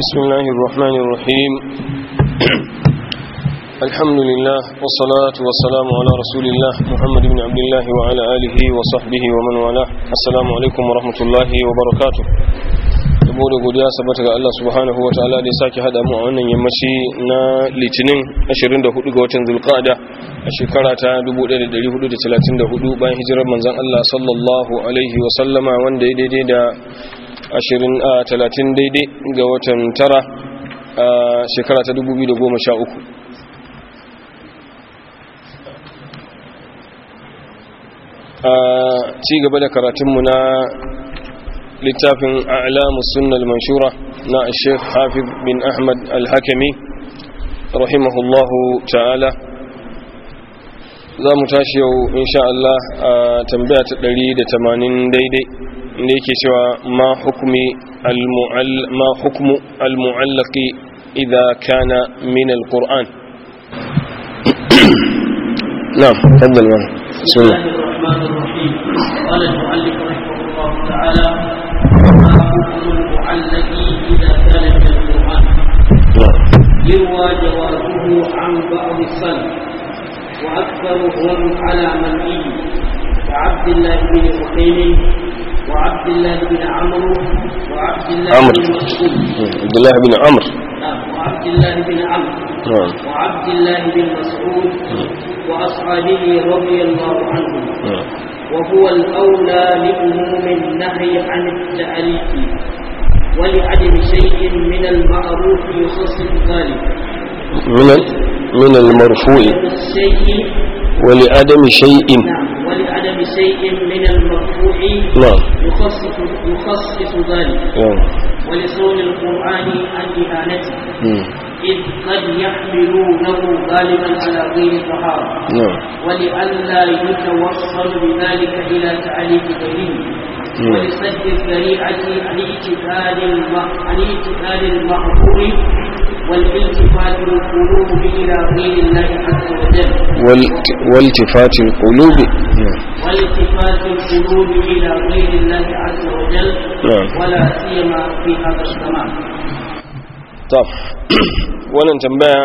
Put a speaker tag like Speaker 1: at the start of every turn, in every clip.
Speaker 1: بسم الله الرحمن الرحيم الحمد لله والصلاة والسلام على رسول الله محمد بن عبد الله وعلى آله وصحبه ومن والاه السلام عليكم ورحمة الله وبركاته yabo da godiya sabata ga Allah subhanahu wa ta'ala da ya sake hada mu a wannan yammaci na litinin 24 ga watan zulqa'ada a shekara ta 1434 bayan hijirar manzon Allah sallallahu alaihi wa sallama wanda ya daidai da ashirin a talatin daidai ga watan tara a shekara ta dubu biyu da goma sha uku. a ci gaba da karatunmu na littafin alamu sunnal manshura na sheikh hafiz bin ahmad al-hakami rahimahullahu ta'ala za mu tashi yau insha a tambaya ta da tamanin daidai inda yake cewa ma hukmi ma حكم المعلق اذا كان kana min نعم quran
Speaker 2: بسم الله الرحمن الرحيم قال المؤلف رحمه الله تعالى ما حكم المعلق اذا كان من القران يروى جوازه عن بعض السلف واكثرهم على منعه كعبد الله بن حسين وعبد الله بن عمرو وعبد الله عمر. بن مسعود
Speaker 1: عبد الله بن عمرو
Speaker 2: نعم، وعبد الله بن عمرو نعم. وعبد الله بن مسعود نعم. وأصحابه رضي الله عنهم وهو الأولى لأموم النهي عن التأليف ولعدم شيء من المعروف يخصص ذلك من
Speaker 1: من المرفوع ولعدم شيء
Speaker 2: نعم ولعدم شيء من المرفوع الشرعي نعم يخصص يخصص ذلك نعم ولصون القرآن عن إهانته نعم. إذ قد يحملونه غالبا على غير الطهارة نعم ولئلا يتوصل بذلك إلى تعريف غيره نعم. ولسد الذريعة عن اعتقاد عن اعتقاد المحظور والالتفات القلوب إلى غير الله عز وجل
Speaker 1: والالتفات القلوب
Speaker 2: والالتفات القلوب إلى غير الله عز ولا سيما في هذا الزمان
Speaker 1: طف wannan tambaya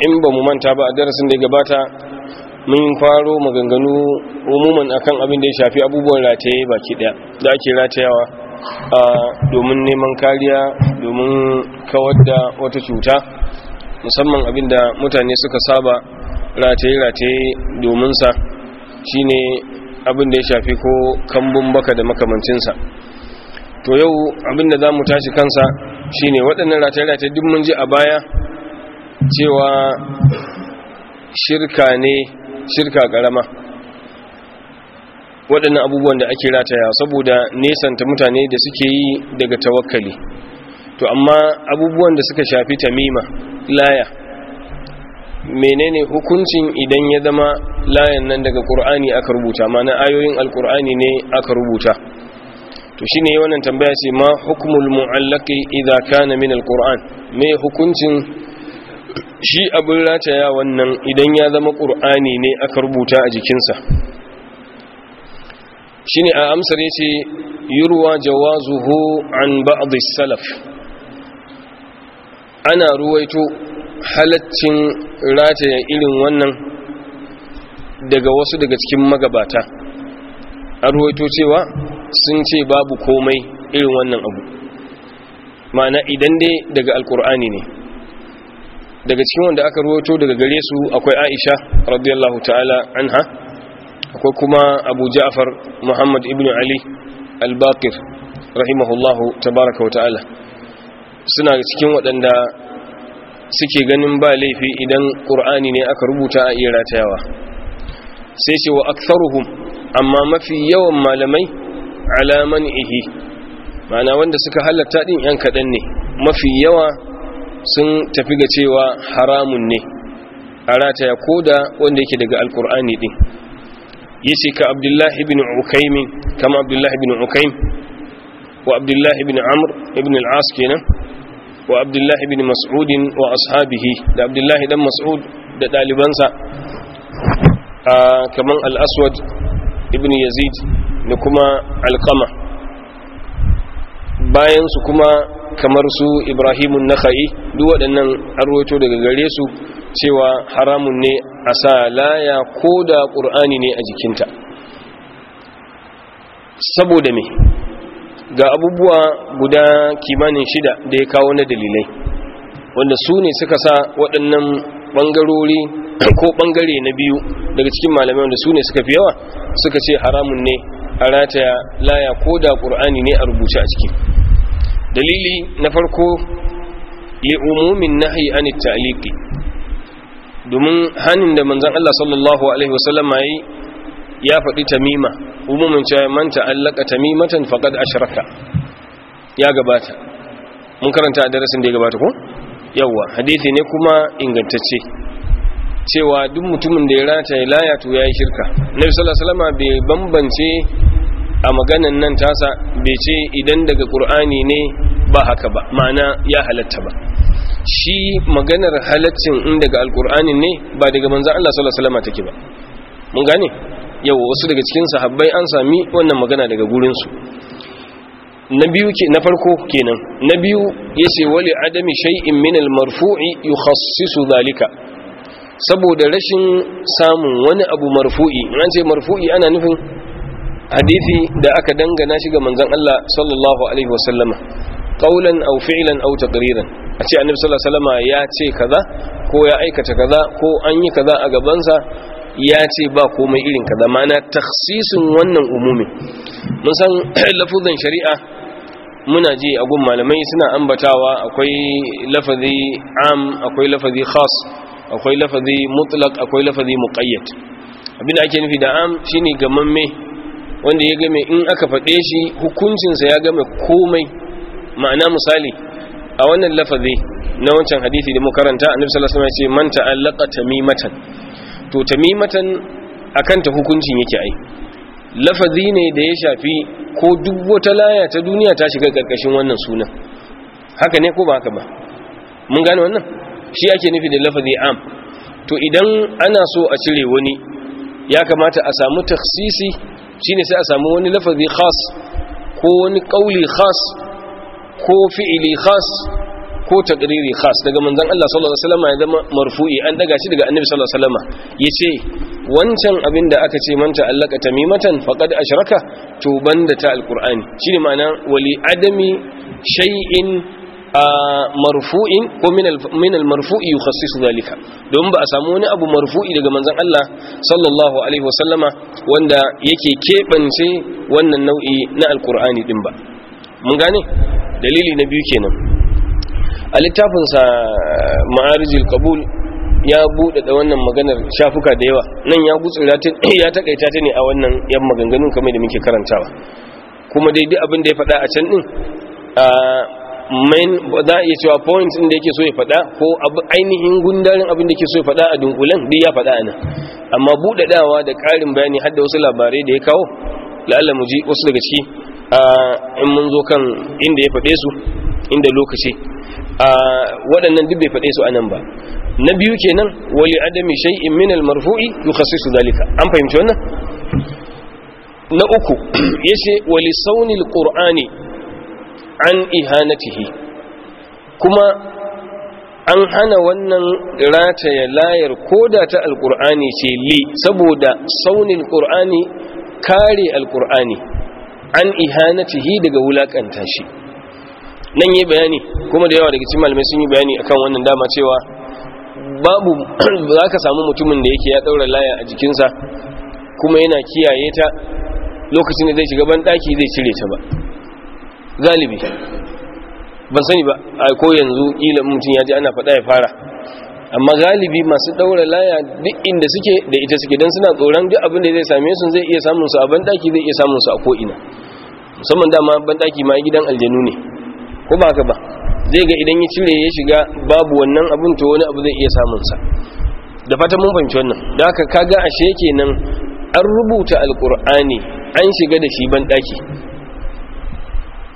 Speaker 1: in ba mu manta ba a darasin da ya gabata mun faro maganganu umuman akan abin da ya shafi abubuwan rataye baki daya da ake ratayawa domin neman kariya domin kawar da wata cuta musamman abinda mutane suka saba rataye-rataye dominsa shine abinda ya shafi ko kambun baka da makamancinsa to yau abinda za mu tashi kansa shine waɗannan rataye-rataye duk mun ji a baya cewa shirka ne shirka ƙarama waɗannan abubuwan da ake rataya saboda nesanta mutane da suke yi daga tawakkali to amma abubuwan da suka shafi tamima laya menene hukuncin idan ya zama layan nan daga ƙur'ani aka rubuta mana ayoyin alƙur'ani ne aka rubuta to shi ne wannan tambaya ce ma hukumul idan ka kana min Alƙur'an. me hukuncin shi abin rataya wannan idan ya zama ƙur'ani ne aka rubuta a jikinsa shine a amsar yace yurwa jawazuhu an ba'd salaf ana ruwaito halaccin rataye irin wannan daga wasu daga cikin magabata an ruwaito cewa sun ce babu komai irin wannan abu ma'ana idan dai daga alkur'ani ne daga cikin wanda aka ruwaito daga gare su akwai aisha radiyallahu ta'ala anha akwai kuma abu ja'far muhammad ibn ali al-baqir rahimahullahu tabaraka wa ta'ala suna cikin waɗanda suke ganin ba laifi idan ƙur'ani ne aka rubuta a iya ratayawa sai ce wa aktharuhum amma mafi yawan malamai alaman ihi ma'ana wanda suka halatta ɗin yan kaɗan ne mafi yawa sun tafi ga cewa haramun ne a rataya ko da wanda yake daga alƙur'ani ɗin yace ka abdullahi ibn ukaym kama abdullahi ibn ukaym wa abdullahi ibn amr ibn al-as kenan wa abdullahi ibn mas'ud wa ashabihi da abdullahi dan mas'ud da dalibansa kaman al-aswad ibn yazid da kuma alqama bayan su kuma kamar su ibrahimun nakha'i duk waɗannan an daga gare su cewa haramun ne a sa laya ko da ƙur'ani ne a jikinta saboda me ga abubuwa guda kimanin shida da ya kawo na dalilai wanda su ne suka sa waɗannan ɓangarori ko ɓangare na biyu daga cikin malamai wanda su ne suka fi yawa suka ce haramun ne a rataya laya ko da ƙur'ani ne a rubuce a ciki dalili na farko umumin nahi an ta'liqi domin hanin da manzon Allah sallallahu alaihi wasallam yayi ya faɗi tamima umumin cewa man ta'allaka tamimatan faqad ashraka ya gabata mun karanta a darasin da ya gabata ko yawa hadisi ne kuma ingantacce cewa duk mutumin da ya rata ya layatu yayi shirka nabi sallallahu alaihi wasallam bai bambance a maganan nan tasa bai ce idan daga ƙur'ani ne ba haka ba ma'ana ya halatta ba shi maganar halaccin in daga alƙur'ani ne ba daga manzan Allah sallallahu alaihi wasallam take ba mun gane yau wasu daga cikin sahabbai an sami wannan magana daga su na biyu ke na farko kenan na biyu yace wali adami shay'in min al-marfu'i yukhassisu zalika saboda rashin samun wani abu marfu'i an ce marfu'i ana nufin hadisi da aka dangana shi ga manzon Allah sallallahu alaihi wasallama qaulan aw fi'lan aw taqriran a ce annabi sallallahu alaihi wasallama ya ce kaza ko ya aikata kaza ko an yi kaza a gabansa ya ce ba komai irin kaza mana takhsisun wannan umumi mun san lafuzan shari'a muna ji a gun malamai suna ambatawa akwai lafazi am akwai lafazi khas akwai lafazi mutlaq akwai lafazi muqayyad abinda ake nufi da am shine gamamme wanda ya game in aka faɗe shi hukuncinsa ya game komai ma'ana misali a wannan lafazi na wancan hadisi da makaranta annabi sallallahu alaihi wasallam ya ce man ta'allaqa tamimatan to tamimatan akan ta hukuncin yake ai lafazi ne da ya shafi ko duk wata laya ta duniya ta shiga karkashin wannan sunan haka ne ko ba haka ba mun gane wannan shi ake nufi da lafazi am to idan ana so a cire wani ya kamata a samu taksisi shine sai a samu wani lafazi khas ko wani kauli khas ko fi'ili khas ko taqriri khas daga manzon Allah sallallahu alaihi wasallam ya zama marfu'i an daga shi daga annabi sallallahu alaihi wasallam yace wancan abin da aka ce manta allaka tamimatan faqad ashraka to banda ta alqur'ani shine ma'ana wali adami shay'in marfu'in ko min al-marfu'i yukhassisu zalika don ba a samu wani abu marfu'i daga manzon Allah sallallahu alaihi wasallama wanda yake kebance wannan nau'i na alqur'ani din ba mun gane dalili na biyu kenan a littafin sa eh, ma'arijil qabul ya bude da wannan maganar shafuka da yawa nan ya gutsura ta ya takaita ta ne a wannan yan maganganun kamar da muke karantawa kuma daidai abin da ya faɗa a can din ah, main za a iya cewa points inda yake so ya faɗa ko ainihin gundarin abin da yake so ya faɗa a dunkulen duk ya faɗa anan. amma buɗaɗawa da ƙarin bayani har da wasu labarai da ya kawo la'alla mu ji wasu daga ciki in mun zo kan inda ya faɗe su inda lokaci waɗannan duk bai faɗe su a ba na biyu kenan wali adami shay'in min al-marfu'i yukhassisu dalika an fahimci wannan na uku yace wali saunil qur'ani an ihanatihi kuma an hana wannan rataya layar koda ta alkur'ani ce li saboda saunin qur'ani kare alkur'ani an ihanatihi daga wulakanta shi nan yi bayani kuma da yawa daga cikin malamai sun yi bayani akan wannan dama cewa babu za ka samu mutumin da yake ya daura laya a jikinsa kuma yana kiyaye ta lokacin da zai shiga ban daki zai cire ta ba galibi ban sani ba a ko yanzu ƙila mutum ya ji ana faɗa ya fara amma galibi masu ɗaura laya duk inda suke da ita suke don suna tsoron duk abin da zai same su zai iya samun su a banɗaki zai iya samun su a ko'ina musamman dama banɗaki ma gidan aljanu ne ko ba haka ba zai ga idan ya cire ya shiga babu wannan abin to wani abu zai iya samun sa da fatan mun fahimci wannan da haka kaga ashe kenan an rubuta alkur'ani an shiga da shi banɗaki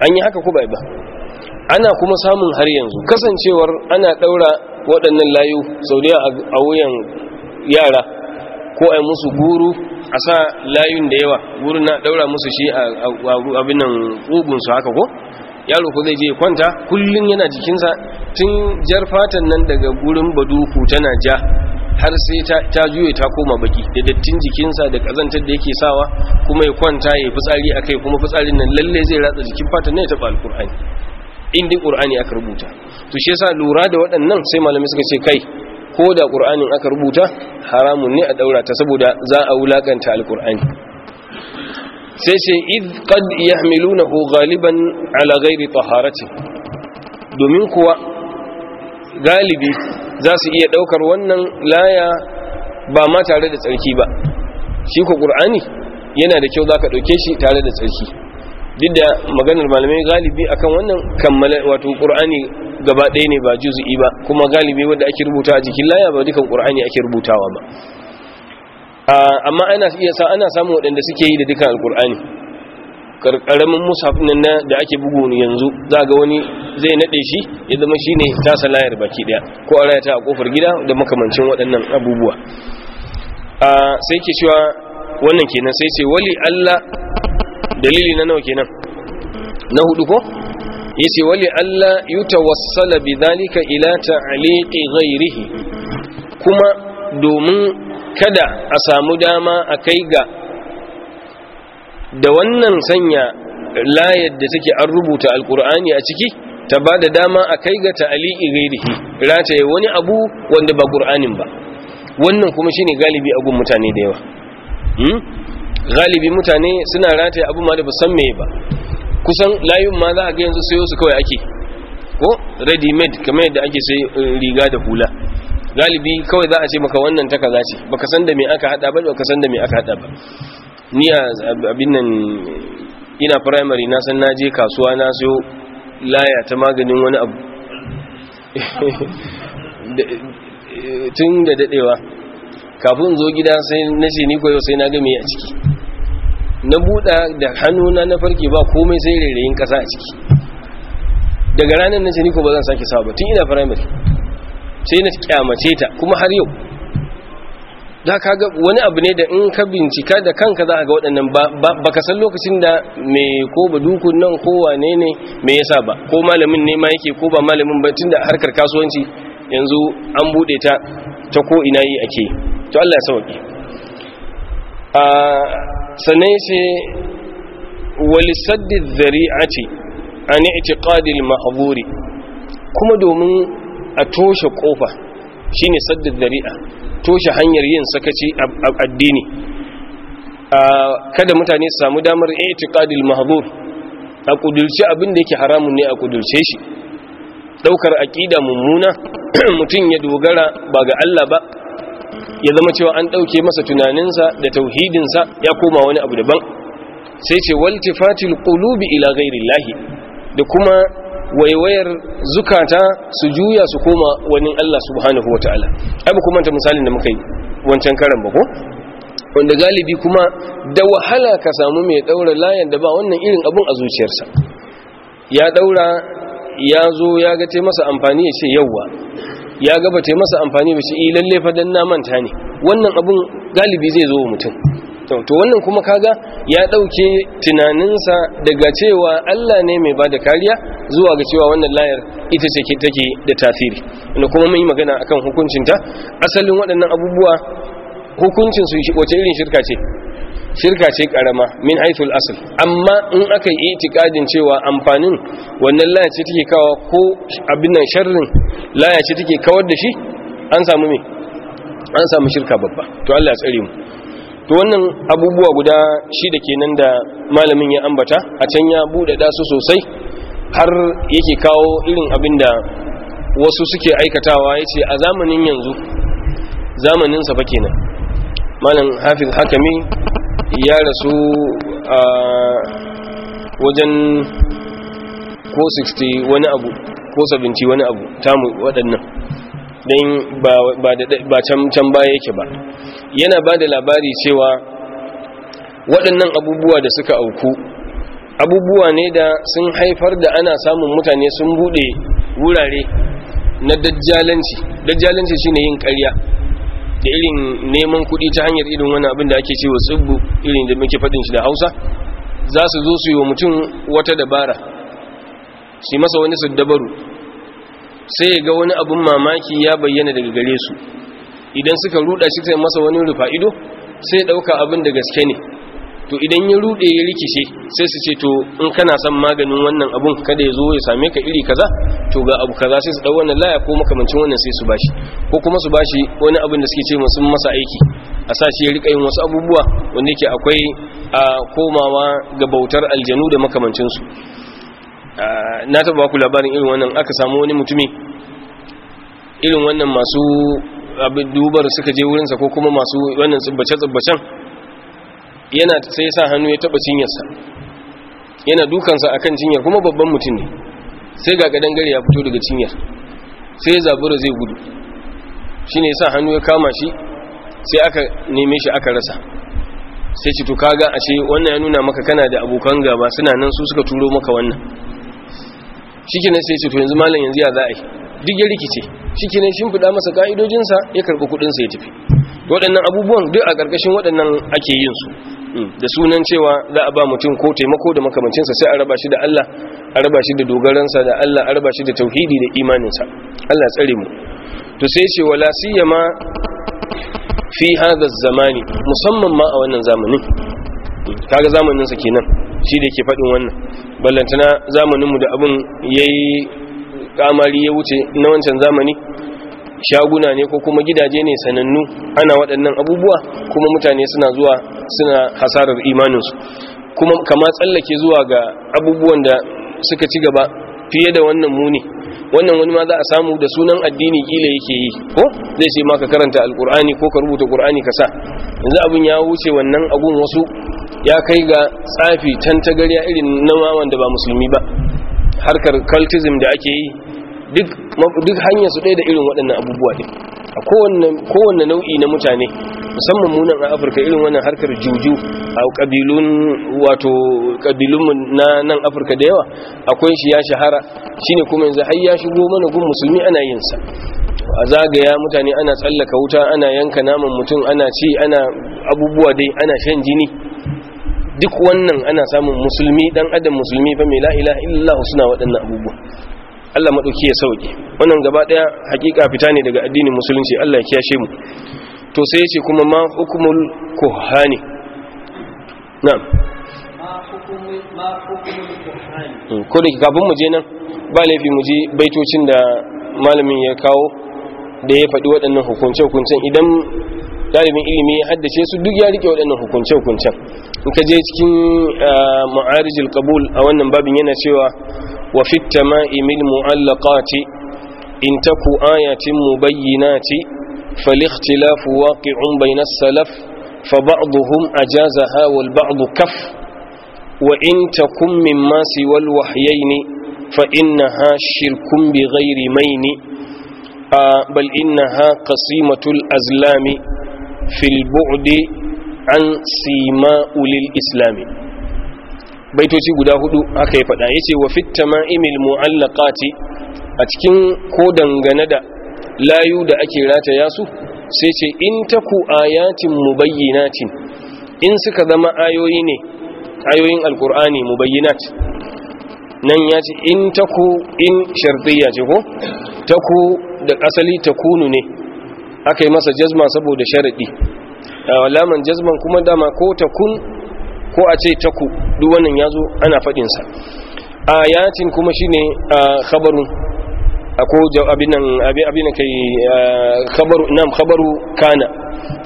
Speaker 1: an yi haka ku ba ana kuma samun har yanzu kasancewar ana daura waɗannan layu sau da a wuyan yara ko a musu guru a sa layun da yawa guru na daura musu shi abin nan ƙugunsu haka ko yaro ko zai je kwanta kullum yana jikinsa tun jar fatan nan daga gurin baduku tana ja har sai ta juye ta koma baki da dattin jikinsa da kazantar da yake sawa kuma ya kwanta ya fitsari a kai kuma fitsarin nan lalle zai ratsa jikin fatan ne ta ba Alƙur'ani. Inda ƙur'ani aka rubuta to shi yasa lura da waɗannan sai malami suka ce kai ko da qur'anin aka rubuta haramun ne a daura ta saboda za a wulakanta alkur'ani sai ce id qad yahmilunahu ghaliban ala ghairi taharati domin kuwa galibi za su iya daukar wannan laya ba ma tare da tsarki ba shi ko qur'ani yana da kyau za ka ɗauke shi tare da tsarki duk da maganar malamai galibi akan wannan kammala wato ƙurani gaba ɗaya ne ba juzu'i ba kuma galibi wanda ake rubuta a jikin laya ba dukan qur'ani ake rubutawa ba ah, amma ana iya samu waɗanda suke yi da dukan alƙur'ani karkaramin musafin nan da ake bugu yanzu za ga wani zai nade shi ya zama shine tasa layar baki daya ko a rayata a kofar gida da makamancin waɗannan abubuwa sai ke cewa wannan kenan sai ce wali Allah dalili na nawa kenan na hudu ko yace wali Allah yutawassala bidhalika ila ta'liqi ghairihi kuma domin kada a samu dama a kai ga da wannan sanya layar da take an rubuta alkur'ani a ciki ta ba da dama a kai ga ta'ali'i rata rataye wani abu wanda ba qur'anin ba wannan kuma shine galibi a gun mutane da yawa hmm? galibi mutane suna rataye abu ma da ba san meye ba kusan layun ma za a ga yanzu sayo su kawai ake ko ready made kamar yadda ake sai eh, riga da hula galibi kawai za a ce maka wannan ta kaza ce baka san da me aka hada ba baka san da me aka hada ba ni abin nan ina primary na san naje kasuwa na so laya ta maganin wani abu tun da dadewa kafin zo gida sai na ce ni koyo sai na ga me a ciki na buɗa da hannuna na farke ba komai sai rairayin ƙasa a ciki daga ranar na ce ni ko ba zan sake sa ba tun ina primary sai na kyamace ta kuma har yau da kaga wani abu ne da in ka bincika da kanka za a ga waɗannan ba ka san lokacin da me ko ba dukun nan ko wane ne me yasa ba ko malamin ne ma yake ko ba malamin ba tun da harkar kasuwanci yanzu an buɗe ta ta ko ina yi ake to Allah ya sauƙi a sannan ce walisaddi dhari'ati an i'tiqadil ma'aburi kuma domin a toshe kofa shine saddi zari'a toshe hanyar yin sakaci a addini kada mutane su samu damar i'tiqadil mahdhur a kudulce abin da yake haramun ne a kudulce shi daukar aqida mummuna mutum ya dogara ba ga Allah ba ya zama cewa an dauke masa tunaninsa da tauhidinsa ya koma wani abu daban sai ce waltifatil qulubi ila ghairillahi da kuma waiwayar zukata su juya su koma wani Allah subhanahu wa ta'ala abu kuma ta misalin da muka yi wancan karan bako? wanda galibi kuma da wahala ka samu mai daura layan da ba wannan irin abun a zuciyarsa ya daura ya zo ya ga te masa amfani ya ce yauwa ya ga ba te masa amfani ba shi eh, lalle fa na manta ne wannan abun galibi zai zo wa mutum wasallam to wannan kuma kaga ya dauke tunaninsa daga cewa Allah ne mai bada kariya zuwa ga cewa wannan layar ita ce ke take da tasiri kuma mun yi magana akan hukuncinta asalin waɗannan abubuwa hukuncin su wace irin shirka ce shirka ce karama min haithul asl amma in aka yi itikadin cewa amfanin wannan laya ce take kawo ko abin nan sharrin laya ce take kawar da shi an samu me an samu shirka babba to Allah ya tsare mu to wannan abubuwa guda shida kenan da malamin ya ambata a can ya buɗe su sosai har yake kawo irin abin da wasu suke aikatawa ya ce a zamanin yanzu zamaninsa sa fa kenan malam hafiz hakami ya rasu a wajen ko 60 wani abu ko 70 wani abu tamu waɗannan don ba can baya yake ba yana ba da labari cewa waɗannan abubuwa da suka auku abubuwa ne da sun haifar da ana samun mutane sun buɗe wurare na dajjalanci dajjalanci shine yin ƙarya da irin neman kuɗi ta hanyar irin wani abin da ake cewa tsibbu irin da muke faɗin shi da hausa za su zo su yi wa mutum wata dabara su masa wani su dabaru sai ya ga wani abun mamaki ya bayyana daga gare su idan suka ruda shi sai masa wani rufa ido sai dauka abin da gaske ne to idan ya rude ya rikice sai su ce to in kana son maganin wannan abun kada ya zo ya same ka iri kaza to ga abu kaza sai su dau wannan laya ko makamancin wannan sai su bashi ko kuma su bashi wani abin da suke ce mu masa aiki a sa shi ya rika yin wasu abubuwa wanda yake akwai a komawa ga bautar aljanu da makamancin su Ah, na taba ku labarin irin wannan aka samu wani mutumi irin wannan masu abin dubar suka je wurinsa ko kuma masu wannan tsibbace-tsibbacen yana sai sa hannu ya taba cinyarsa yana dukansa a kan cinyar kuma babban mutum ne sai ga gadon gari ya fito daga cinyar sai zabura zai gudu shi ne sa hannu ya kama shi sai aka neme shi aka rasa sai ci to kaga ashe wannan ya nuna maka kana da abokan gaba suna nan su suka turo maka wannan shikenan sai ce to yanzu malam yanzu ya za'a. yi duk ya rikice shikenan shin fida masa ka'idojin sa ya karɓi sa ya tafi waɗannan abubuwan duk a ƙarƙashin waɗannan ake yin su hmm, da sunan cewa za a ba mutum ko taimako da makamancinsa sai a raba shi da Allah a raba shi da sa da Allah a raba shi da tauhidi da sa Allah tsare mu to sai ce wala siyama fi hadha zamani musamman ma a wannan zamanin kaga zamanin sa kenan shi da ke faɗin wannan ballantana zamaninmu da abin ya yi kamari ya wuce na wancan zamani shaguna ne ko kuma gidaje ne sanannu ana waɗannan abubuwa kuma mutane suna zuwa suna hasarar imaninsu kuma kama tsallake zuwa ga abubuwan da suka ci gaba fiye da wannan muni wannan wani ma za a samu da sunan addini kila yake yi ko zai ce maka karanta alkur'ani ko ka rubuta kur'ani ka sa yanzu abin ya wuce wannan abun wasu ya kai ga tsafi tantagarya irin na da ba musulmi ba harkar cultism da ake yi duk hanyar su ɗaya da irin waɗannan abubuwa ne a kowane nau'i na mutane musamman munan a afirka irin wannan harkar juju a ƙabilun wato ƙabilunmu na nan afirka da yawa akwai shi ya shahara shi ne kuma yanzu har ya shigo mana gun musulmi ana yinsa a zagaya mutane ana tsallaka wuta ana yanka naman mutum ana ci ana abubuwa dai ana shan jini duk wannan ana samun musulmi dan adam musulmi fa mai la illallah suna waɗannan abubuwa Allah madauki ya sauke wannan gaba ɗaya hakika fita ne daga addinin musulunci Allah ya kiyashe mu to sai yace kuma ma hukumul kuhani na'am
Speaker 2: ma hukumul
Speaker 1: hmm, ko da kafin mu je nan ba laifi mu je baitocin da malamin ya kawo da ya faɗi waɗannan hukunce-hukuncen idan talibin ilimi ya haddace su duk ya rike waɗannan hukunce-hukuncen in ka je cikin ma'arijil kabul a wannan babin yana cewa wa fit tama'imil mu'allaqati in taku ayatin mubayyinati fal ikhtilafu waqi'un bayna salaf fa ba'dhum ajazaha wal ba'd kaf wa in takum mimma siwal wahyayn fa innaha shirkun bighayri mayni bal innaha qasimatul azlami fil bu'di an sima ulil islami baitoci guda huɗu aka yi fada yace wa fit tama'imil mu'allaqati a cikin ko dangane da layu da ake rataya su sai ce in taku ayatin mubayyinatin in suka zama ayoyi ne ayoyin alkur'ani mubayyinat nan ya ce in taku in shartiya ce ko taku da asali takunu ne aka yi masa jazma saboda sharaɗi laman jazman kuma dama ko ta kun ko a ce ta ku duk wannan ya zo ana faɗinsa ayatin kuma shine khabarun ako abinan abin kai khabaru nam khabaru kana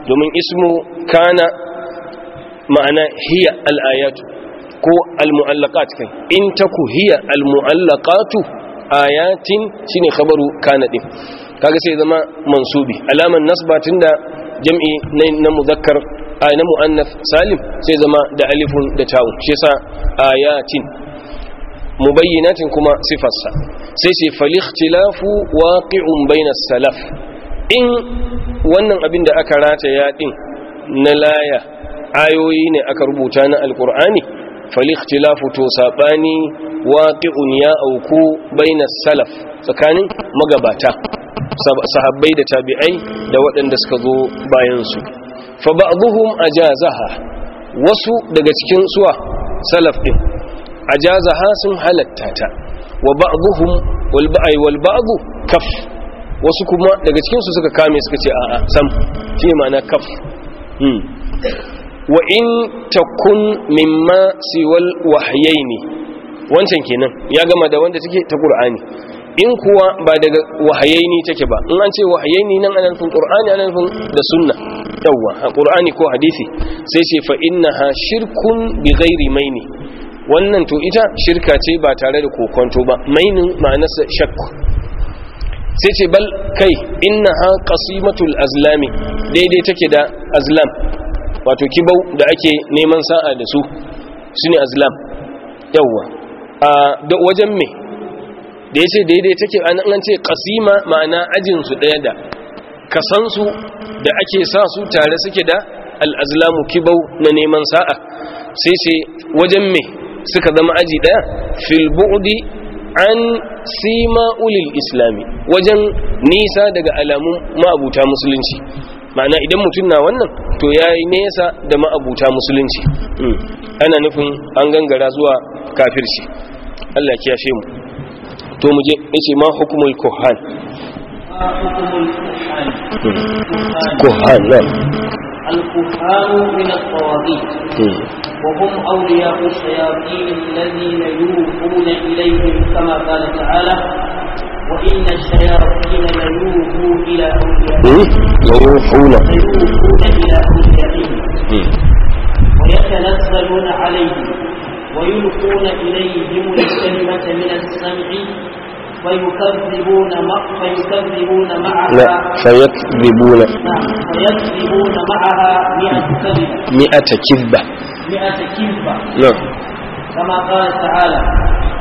Speaker 1: domin ismu kana ma'ana hiya al-ayatu ko al-mu'allaqat kai in taku hiya al-mu'allaqatu ayatin shine khabaru kana din kaga sai zama mansubi alaman nasba tunda jam'i na muzakkar a na muannas salim sai zama da alifun da ta'un shi yasa ayatin mubayyinatin kuma sifarsa sai sai falikhtilafu waqi'un bainas salaf in wannan abin da aka rata ya din na laya ayoyi ne aka rubuta na alkur'ani falikhtilafu to sabani waqi'un ya auku bainas salaf tsakanin magabata sahabbai da tabi'ai da waɗanda suka zo bayansu fa ba'dhum ajazaha wasu daga cikin suwa salaf din ajazaha sun halatta ta wa ba'dhum wal ba'i wal ba'du kaf wasu kuma daga cikin su suka kame suka ce a'a sam shi ma'ana kaf hmm wa in takun mimma siwal wahyaini wancan kenan ya gama da wanda take ta qur'ani in kuwa ba daga wahayayni take ba in an ce wahayayni nan ana nufin qur'ani ana nufin da sunna yawa qur'ani ko hadisi sai ce fa innaha shirkun bi ghairi maini wannan to ita shirka ce ba tare da kokonto ba mainin ma'anarsa shakku sai ce bal kai innaha qasimatul azlami daidai take da azlam wato kibau da ake neman sa'a da su shine azlam yawa a wajen me da ya ce daidai take an ce kasima ma'ana ajinsu ɗaya da kasansu da ake sa su tare suke da al'azlamu kibau na neman sa'a sai sai wajen me suka zama aji ɗaya filbu'di an sima ulil islami wajen nisa daga alamun ma'abuta musulunci ma'ana idan mutum na wannan to ya yi nesa da ma'abuta musulunci hmm. ana nufin an gangara zuwa kafirci allah kiyashe mu to muje yace ma hukumul kuhan kuhan
Speaker 2: الكهان من الطواغيت وهم أولياء الشياطين الذين يوحون إليهم كما قال تعالى وإن الشياطين ليوحوا إلى أوليائهم ليوحون ليوحون إلى أوليائهم ويتنزلون عليهم ويلقون إليهم الكلمة من السمع فيكذبون مع فيكذبون معها لا
Speaker 1: فيكذبون
Speaker 2: نعم فيكذبون معها
Speaker 1: مئة كذبة
Speaker 2: مئة كذبة مئة كذبة نعم كما قال تعالى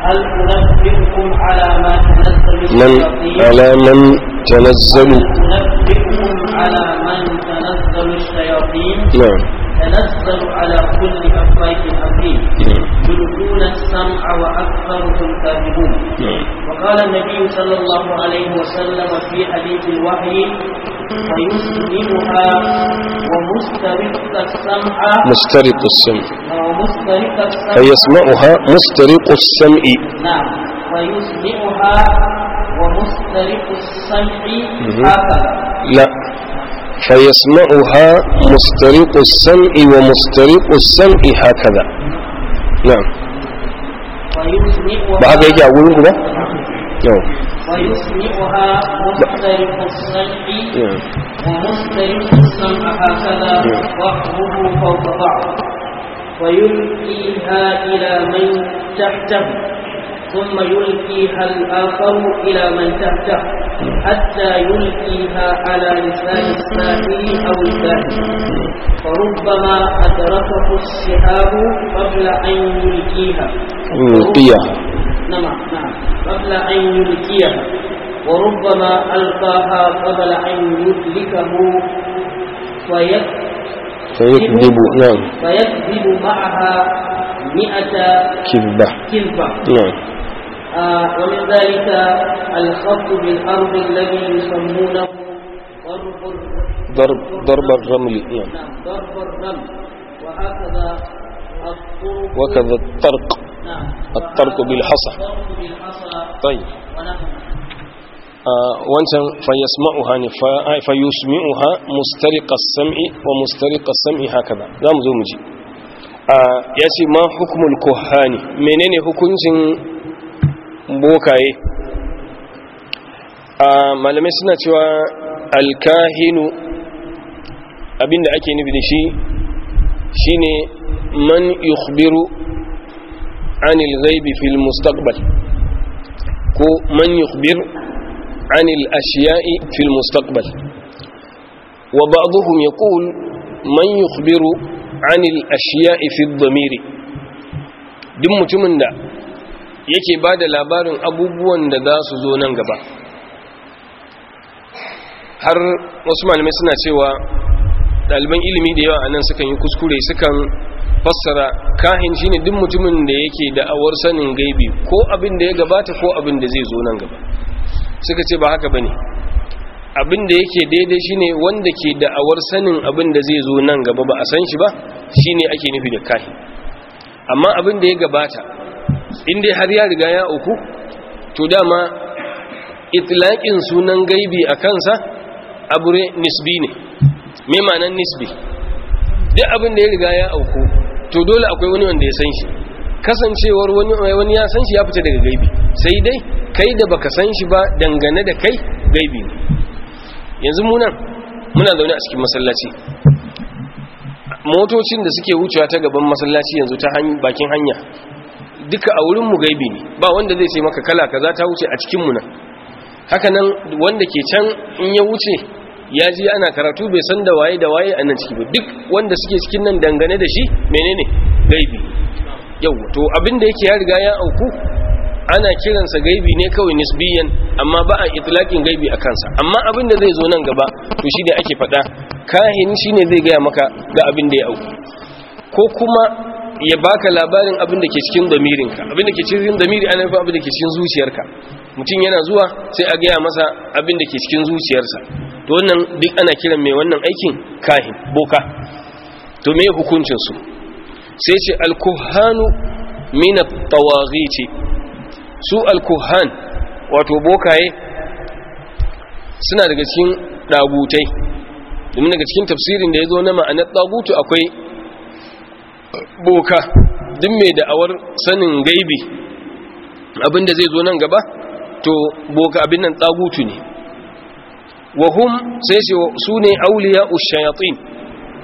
Speaker 2: هل أنبئكم على ما
Speaker 1: تنزل من على من تنزل
Speaker 2: أنبئكم على من تنزل الشياطين نعم تنزل على كل أفايك أثيم يلقون السمع وأكثرهم كاذبون وقال النبي صلى الله عليه وسلم في حديث الوحي فيسلمها ومسترق السمع
Speaker 1: مسترق السمع
Speaker 2: ومسترق السمع
Speaker 1: فيسمعها مسترق السمع
Speaker 2: نعم فيسلمها ومسترق السمع هكذا
Speaker 1: لا فيسمعها مسترق السمع ومسترق السمع هكذا نعم
Speaker 2: بعد يجي أقول لكم نعم ويسمعها مسترق السمع نعم. ومسترق السمع هكذا بعضه نعم. فوق بعض ويلقيها إلى من تحته ثم يلقيها الآخر إلى من تحته حتى يلقيها على لسان السائل أو الباهي فربما أدركه السحاب قبل أن يلقيها يلقيها نعم نعم قبل أن يلقيها وربما ألقاها قبل أن يدركه فيك فيكذب نعم فيكذب معها مئة كذبة كذبة نعم آه، ومن ذلك الخط بالأرض الذي يسمونه ضرب
Speaker 1: ضرب ضرب الرمل نعم
Speaker 2: ضرب الرمل وهكذا الطرق وكذا الطرق
Speaker 1: نعم الطرق بالحصى طيب آه، وانت فيسمعها آه، فيسمعها مسترق السمع ومسترق السمع هكذا لا نعم، مزومجي آه يأتي ما حكم الكهاني منين حكم bokaye a malamai suna cewa alkahinu abinda ake nufi da shi shine man yukhbiru anil ghaibi fil mustaqbal ko man yukhbir anil ashiya'i fil mustaqbal wa ba'dhum yaqul man yukhbiru anil ashiya'i fil dhamiri duk mutumin da yake ba da labarin abubuwan da za su zo nan gaba har wasu malamai suna cewa ɗaliban ilimi da yawa a nan sukan yi kuskure sukan fassara kahin shine duk mutumin da yake da'awar sanin gaibi ko abin da ya gabata ko abin da zai zo nan gaba suka ce ba haka bane abin da yake daidai shine wanda ke da'awar sanin abin da zai zo nan gaba ba a san shi ba shi ne ake nufi da kahin amma abin da ya gabata In dai har ya riga ya uku to dama itlaƙin sunan gaibi a kansa abure nisbi ne mai ma'anan nisbi duk abin da ya riga ya auku to dole akwai wani wanda ya san shi kasancewar wani ya san shi ya fita daga gaibi sai dai kai da baka san shi ba dangane da kai gaibi ne yanzu nan, muna zaune a cikin masallaci motocin da suke wucewa ta gaban masallaci yanzu ta bakin hanya duka a wurin mu gaibi ne ba wanda zai ce maka kala kaza ta wuce a cikin mu nan haka nan wanda ke can in ya wuce ya ji ana karatu bai san da waye da waye a nan ciki ba duk wanda suke cikin nan dangane da shi menene gaibi yau to abin da yake ya riga ya auku ana kiransa gaibi ne kawai nisbiyan amma ba a itlaqin gaibi a kansa amma abin da zai zo nan gaba to shi ne ake faɗa kahin shine zai gaya maka ga abin da ya auku ko kuma ya baka labarin abin da ke cikin damirinka abin da ke cikin damiri ana fa abin da ke cikin zuciyarka mutum yana zuwa sai a gaya masa abin da ke cikin zuciyarsa to wannan duk ana kiran mai wannan aikin kahin boka to me hukuncin su sai ce alkuhanu min at-tawaghiti su alkuhan wato bokaye suna daga cikin dagutai domin daga cikin tafsirin da ya zo na ma'anar dagutu akwai boka din mai da'awar sanin gaibi abinda zai zo nan gaba to boka abin nan tsagutu ne wahum sai su ne auliya ushayatin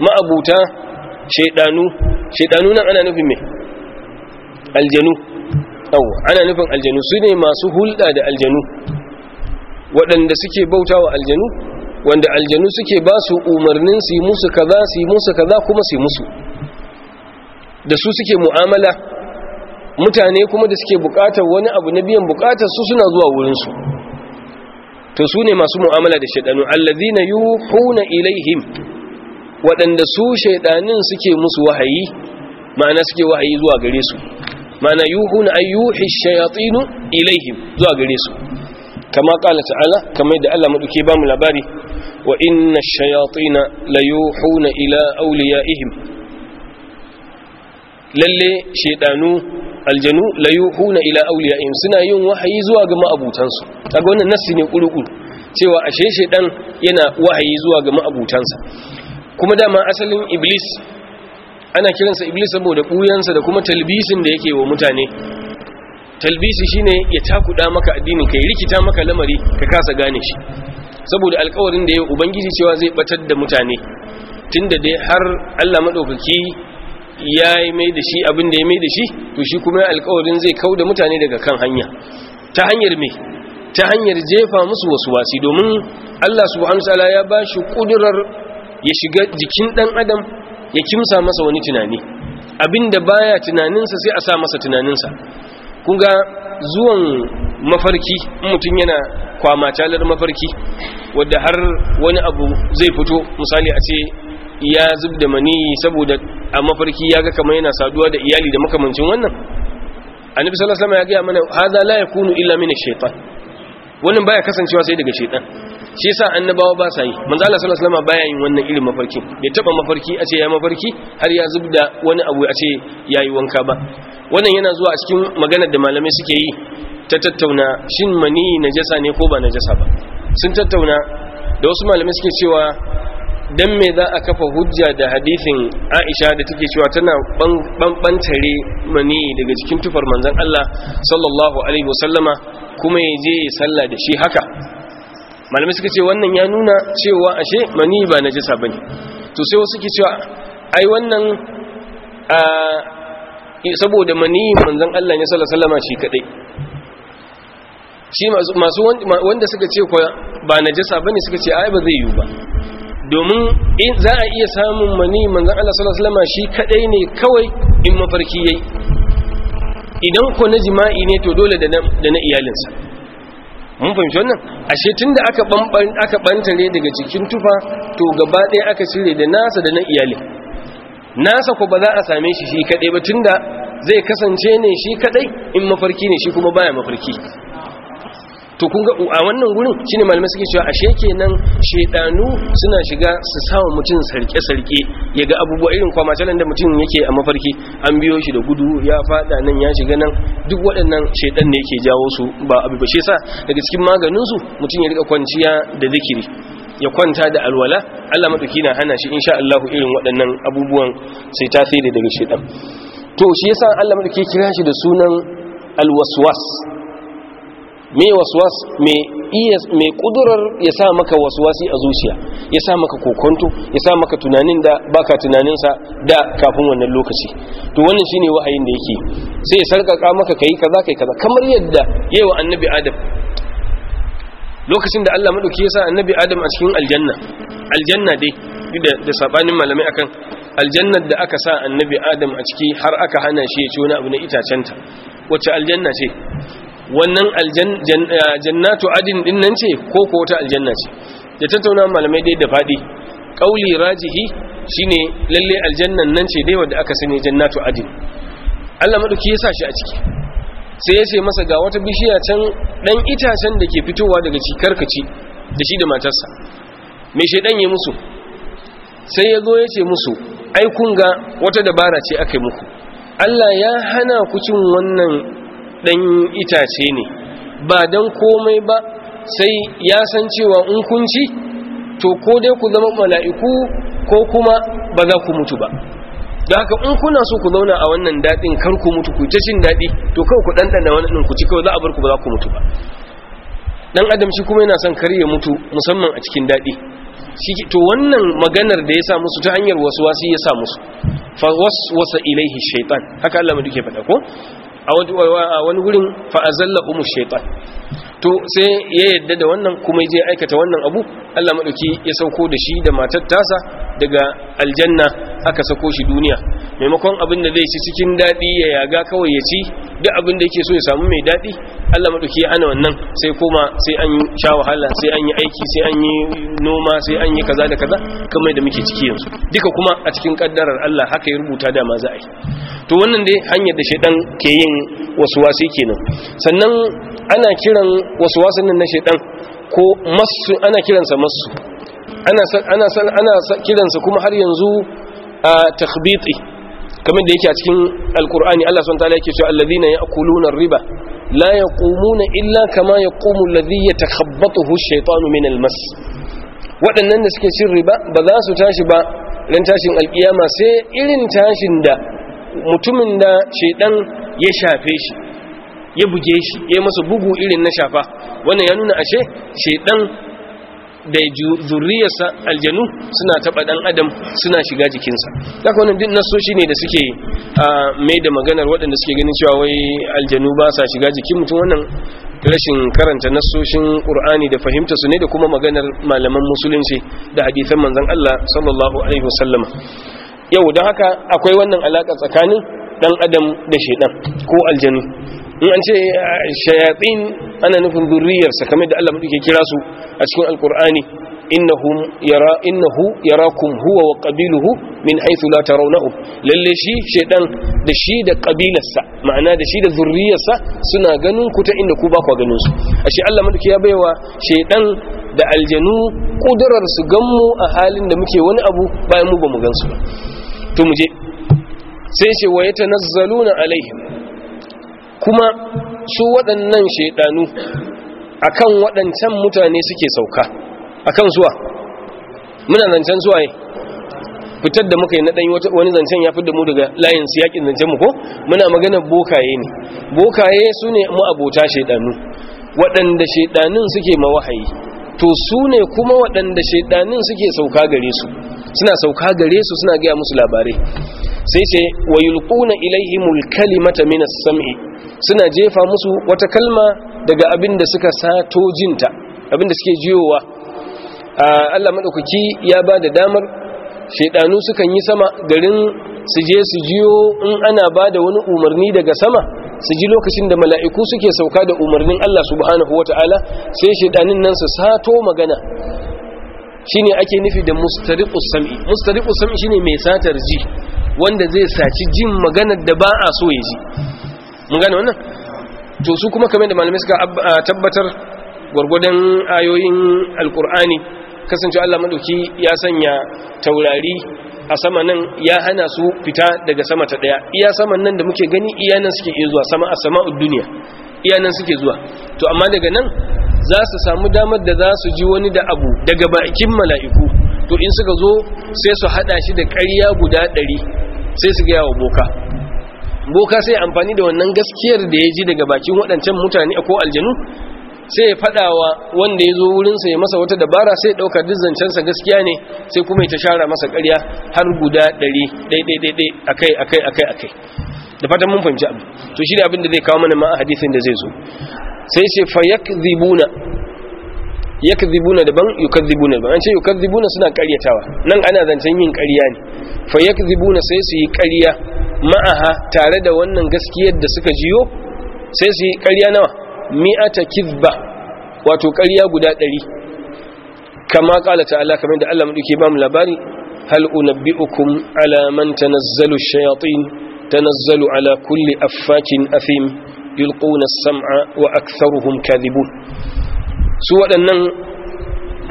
Speaker 1: ma'abuta shaidanu shaidanu nan ana nufin mai aljanu yawa ana nufin aljanu su ne masu hulɗa da aljanu waɗanda suke bauta wa aljanu wanda aljanu suke ba su umarnin su yi musu kaza su yi musu kaza kuma su yi musu da su suke mu'amala mutane kuma da suke bukatar wani abu na biyan bukatar su suna zuwa wurinsu to su ne masu mu'amala da shaidanu allazina yuhuna ilaihim waɗanda su shaidanin suke musu wahayi ma'ana suke wahayi zuwa gare su ma'ana yuhuna ayyuhi shayatinu ilaihim zuwa gare su kama kala ta'ala kamar da Allah maɗuke ba mu labari wa inna shayatina la huna ila ihim. lalle shedanu aljanu layuhuna yuhuna ila In suna yin wahayi zuwa ga ma'abutansu kaga wannan nassi ne kurukuru cewa ashe shedan yana wahayi zuwa ga ma'abutansa kuma dama asalin iblis ana kiransa iblis saboda buyansa da kuma talbisin da yake wa mutane talbisi shine ya takuda maka addinin kai rikita maka lamari ka kasa gane shi saboda alkawarin da ya ubangiji cewa zai batar da mutane tunda dai har Allah madaukaki ya yi mai da shi abin da ya mai da shi to shi kuma alkawarin zai kau da mutane daga kan hanya ta hanyar mai ta hanyar jefa musu wasu wasi domin Allah subhanahu ta'ala ya ba shi kudurar ya shiga jikin dan adam ya kimsa masa wani tunani abin abinda baya tunaninsa sai a sa masa tunaninsa kunga zuwan mafarki mutum yana kwamatalar mafarki wadda har wani abu zai fito misali a ce ya zub da maniyi saboda a mafarki ya ga kamar yana saduwa da iyali da makamancin wannan annabi sallallahu alaihi wasallam ya ga mana haza la yakunu illa min ash-shaytan wannan baya kasancewa sai daga shaytan shi yasa annabawa ba sa yi manzo Allah sallallahu alaihi wasallam baya yin wannan irin mafarki bai taba mafarki a ce ya mafarki har ya zub da wani abu a ce yayi wanka ba wannan yana zuwa a cikin maganar da malamai suke yi ta tattauna shin maniyi najasa ne ko ba najasa ba sun tattauna da wasu malamai suke cewa dan me za a kafa hujja da hadisin Aisha da take cewa tana banbantare mani daga cikin tufar manzon Allah sallallahu alaihi wasallama kuma yaje ya salla da shi haka malamai suka ce wannan ya nuna cewa ashe mani ba najasa bane to sai wasu ke cewa ai wannan a saboda mani manzon Allah ne sallallahu alaihi wasallama shi kadai shi masu wanda suka ce ba ba bane suka ce ai ba zai yiwu ba domin in za a iya samun mani manzan Allah sallallahu alaihi shi kadai ne kawai in mafarki yayi idan ko na jima'i ne to dole da na iyalinsa mun fahimci wannan ashe tunda aka bamban aka bantare daga cikin tufa to gaba ɗaya aka cire da nasa da na iyali nasa ko ba za a same shi shi kadai ba tunda zai kasance ne shi kadai in mafarki ne shi kuma baya mafarki to kun ga a wannan gurin shine malamai suke cewa ashe kenan shedanu suna shiga su sawa mutum sarke sarke ya ga abubuwa irin kwama salan da mutum yake a mafarki an biyo shi da gudu ya fada nan ya shiga nan duk waɗannan shedan ne yake jawo su ba abu ba shi yasa daga cikin maganin su mutum ya rika kwanciya da zikiri ya kwanta da alwala Allah madauki na hana shi insha Allah irin waɗannan abubuwan sai tasiri daga shedan to shi yasa Allah madauki kira shi da sunan alwaswas me waswas me iya me kudurar ya sa maka waswasi a zuciya ya sa maka kokonto ya sa maka tunanin da baka tunanin sa da kafin wannan lokaci to wannan shine wahayin da yake sai ya sarkaka maka kai kaza kai kaza kamar yadda yayin annabi adam lokacin da Allah madauki ya sa annabi adam a cikin aljanna aljanna dai da sabanin malamai akan aljannar da aka sa annabi adam a ciki har aka hana shi ya ci wani abu na itacenta wacce aljanna ce wannan eh, jannatu adin din nan ce ko ko wata aljanna ce da tattauna malamai dai da fadi kauli rajihi shine lalle aljannan nan ce dai wanda aka sani jannatu adin Allah madauki ya shi a ciki sai ya ce masa ga wata bishiya can dan itacen da ke fitowa daga cikarkaci da shi da matarsa mai dan ya musu sai ya zo ya ce musu ai kun ga wata dabara ce aka yi muku Allah ya hana ku cin wannan ɗan itace ne ba don komai ba sai ya san cewa in kun to ko dai ku zama mala'iku ko kuma ba za ku mutu ba da haka in kuna so ku zauna a wannan daɗin kar ku mutu ku ta cin daɗi to kawai ku ɗanɗana wannan ku ci kawai za a bar ku ba za ku mutu ba Ɗan adam shi kuma yana son kar ya mutu musamman a cikin daɗi to wannan maganar da ya sa musu ta hanyar wasu wasi ya sa musu fa waswasa ilaihi shaytan haka Allah mu duke faɗa ko a wani wurin fa'azalla umar shaitan to sai ya yadda da wannan kuma je aikata wannan abu Allah maɗauki ya sauko da shi da matattasa daga aljanna aka sako shi duniya maimakon abin da zai ci cikin daɗi ya yaga kawai ya ci duk abin da yake so ya samu mai daɗi Allah maɗauki ya ana wannan sai koma sai an sha wahala sai an yi aiki sai an yi noma sai an yi kaza da kaza kamar da muke ciki yanzu duka kuma a cikin kaddarar Allah haka ya rubuta da za a to wannan dai hanyar da shaidan ke yin wasu wasi kenan sannan ana kiran wasu nan na shaidan ko masu ana kiransa masu ana kiransa kuma har yanzu A takbiti kamar da yake a cikin alkur'ani Allah subhanahu wataala yake cewa alladhina ya'kuluna ar-riba la yaqumuna illa kama yaqumu alladhi yatakhabbathu ash-shaytanu min al-mas waɗannan da suke cin riba ba za su tashi ba ran tashin alkiyama sai irin tashin da mutumin da shaidan ya shafe shi ya buge shi ya masa bugu irin na shafa wannan ya nuna ashe shaidan da zuriyarsa aljanu suna taɓa ɗan adam suna shiga jikinsa daga wannan duk nasoshi ne da suke mai da maganar waɗanda suke ganin cewa wai aljanu ba sa shiga jikin mutum wannan rashin karanta nassoshin ƙur'ani da fahimta su ne da kuma maganar malaman musulunci da hadisan manzon Allah sallallahu alaihi wasallama yau don haka akwai wannan alaƙa tsakanin ɗan adam da shaiɗan ko aljanu in an ce ah, shayatin ana nufin zurriyarsa kamar da Allah muke kira su a cikin alkur'ani innahum yara innahu yarakum huwa wa qabiluhu min haythu la tarawnahum lalle shi shaiɗan da shi da kabilarsa ma'ana da shi da zurriyarsa suna ganin ku ta inda ku ba ku ganin su ashe Allah muke ya baiwa shedan da aljanu kudurar su ganmu a halin da muke wani abu bayan mu ba mu gansu ba to muje sai ce wa yatanazzaluna alaihim kuma su waɗannan a kan waɗancan mutane suke sauka a kan zuwa muna zancen zuwa yi fitar da muka yi na ɗanyi wani zancen ya fi da mu daga layin siyakin zancen mu ko muna magana bokaye ne bokaye su ne ma'abota shaiɗanu waɗanda shaiɗanun suke mawahayi to su ne kuma waɗanda shaiɗanun suke sauka gare su suna sauka gare su suna gaya musu labarai sai sai wa yulquna ilaihimul kalimata min sami suna jefa musu wata kalma daga abin da suka sato jinta abin da suke jiyowa Allah madaukaki ya ba da damar shedanu sukan yi sama garin su je su jiyo in ana ba da wani umarni daga sama su ji lokacin da mala'iku suke sauka da umarnin Allah subhanahu wata'ala sai shedanin nan su sato magana shine ake nufi da mustariqus sam'i mustariqus sam'i shine mai satar ji wanda zai saci jin maganar da ba a so ya ji mun gane wannan to su kuma kamar da malamai suka tabbatar gwargwadon ayoyin alkur'ani kasance Allah madauki ya sanya taurari a sama nan ya hana su fita daga sama ta daya iya saman nan da muke gani iya nan suke iya zuwa sama a sama'ud duniya iyanan suke zuwa to amma daga nan za su samu damar da za su ji wani da abu daga bakin mala'iku to in suka zo sai su hada shi da ƙarya guda ɗari sai su gaya wa boka boka sai amfani da wannan gaskiyar da ya ji daga bakin waɗancan mutane ko aljanu sai ya wa wanda ya zo wurinsa ya masa wata dabara sai ya ɗauka gaskiya ne sai kuma ya ta share masa ƙarya har guda ɗari ɗaiɗaiɗaiɗai akai akai akai akai da fatan mun fahimci abu to shi ne abin da zai kawo mana ma a hadisin da zai zo sai ce fa yakdhibuna yakdhibuna daban yukazibuna daban an ce yukazibuna suna ƙaryatawa nan ana zancen yin ƙarya ne fa yakdhibuna sai su yi ƙarya ma'aha tare da wannan gaskiyar da suka jiyo sai su yi ƙarya nawa mi'ata kizba wato ƙarya guda ɗari kama ƙala ta'ala kamar da Allah maɗuke ba mu labari hal unabbi'ukum ala man tanazzalu shayatin tanazzalu ala kulli affakin afim yulquna as-sam'a wa aktharuhum kadhibun su waɗannan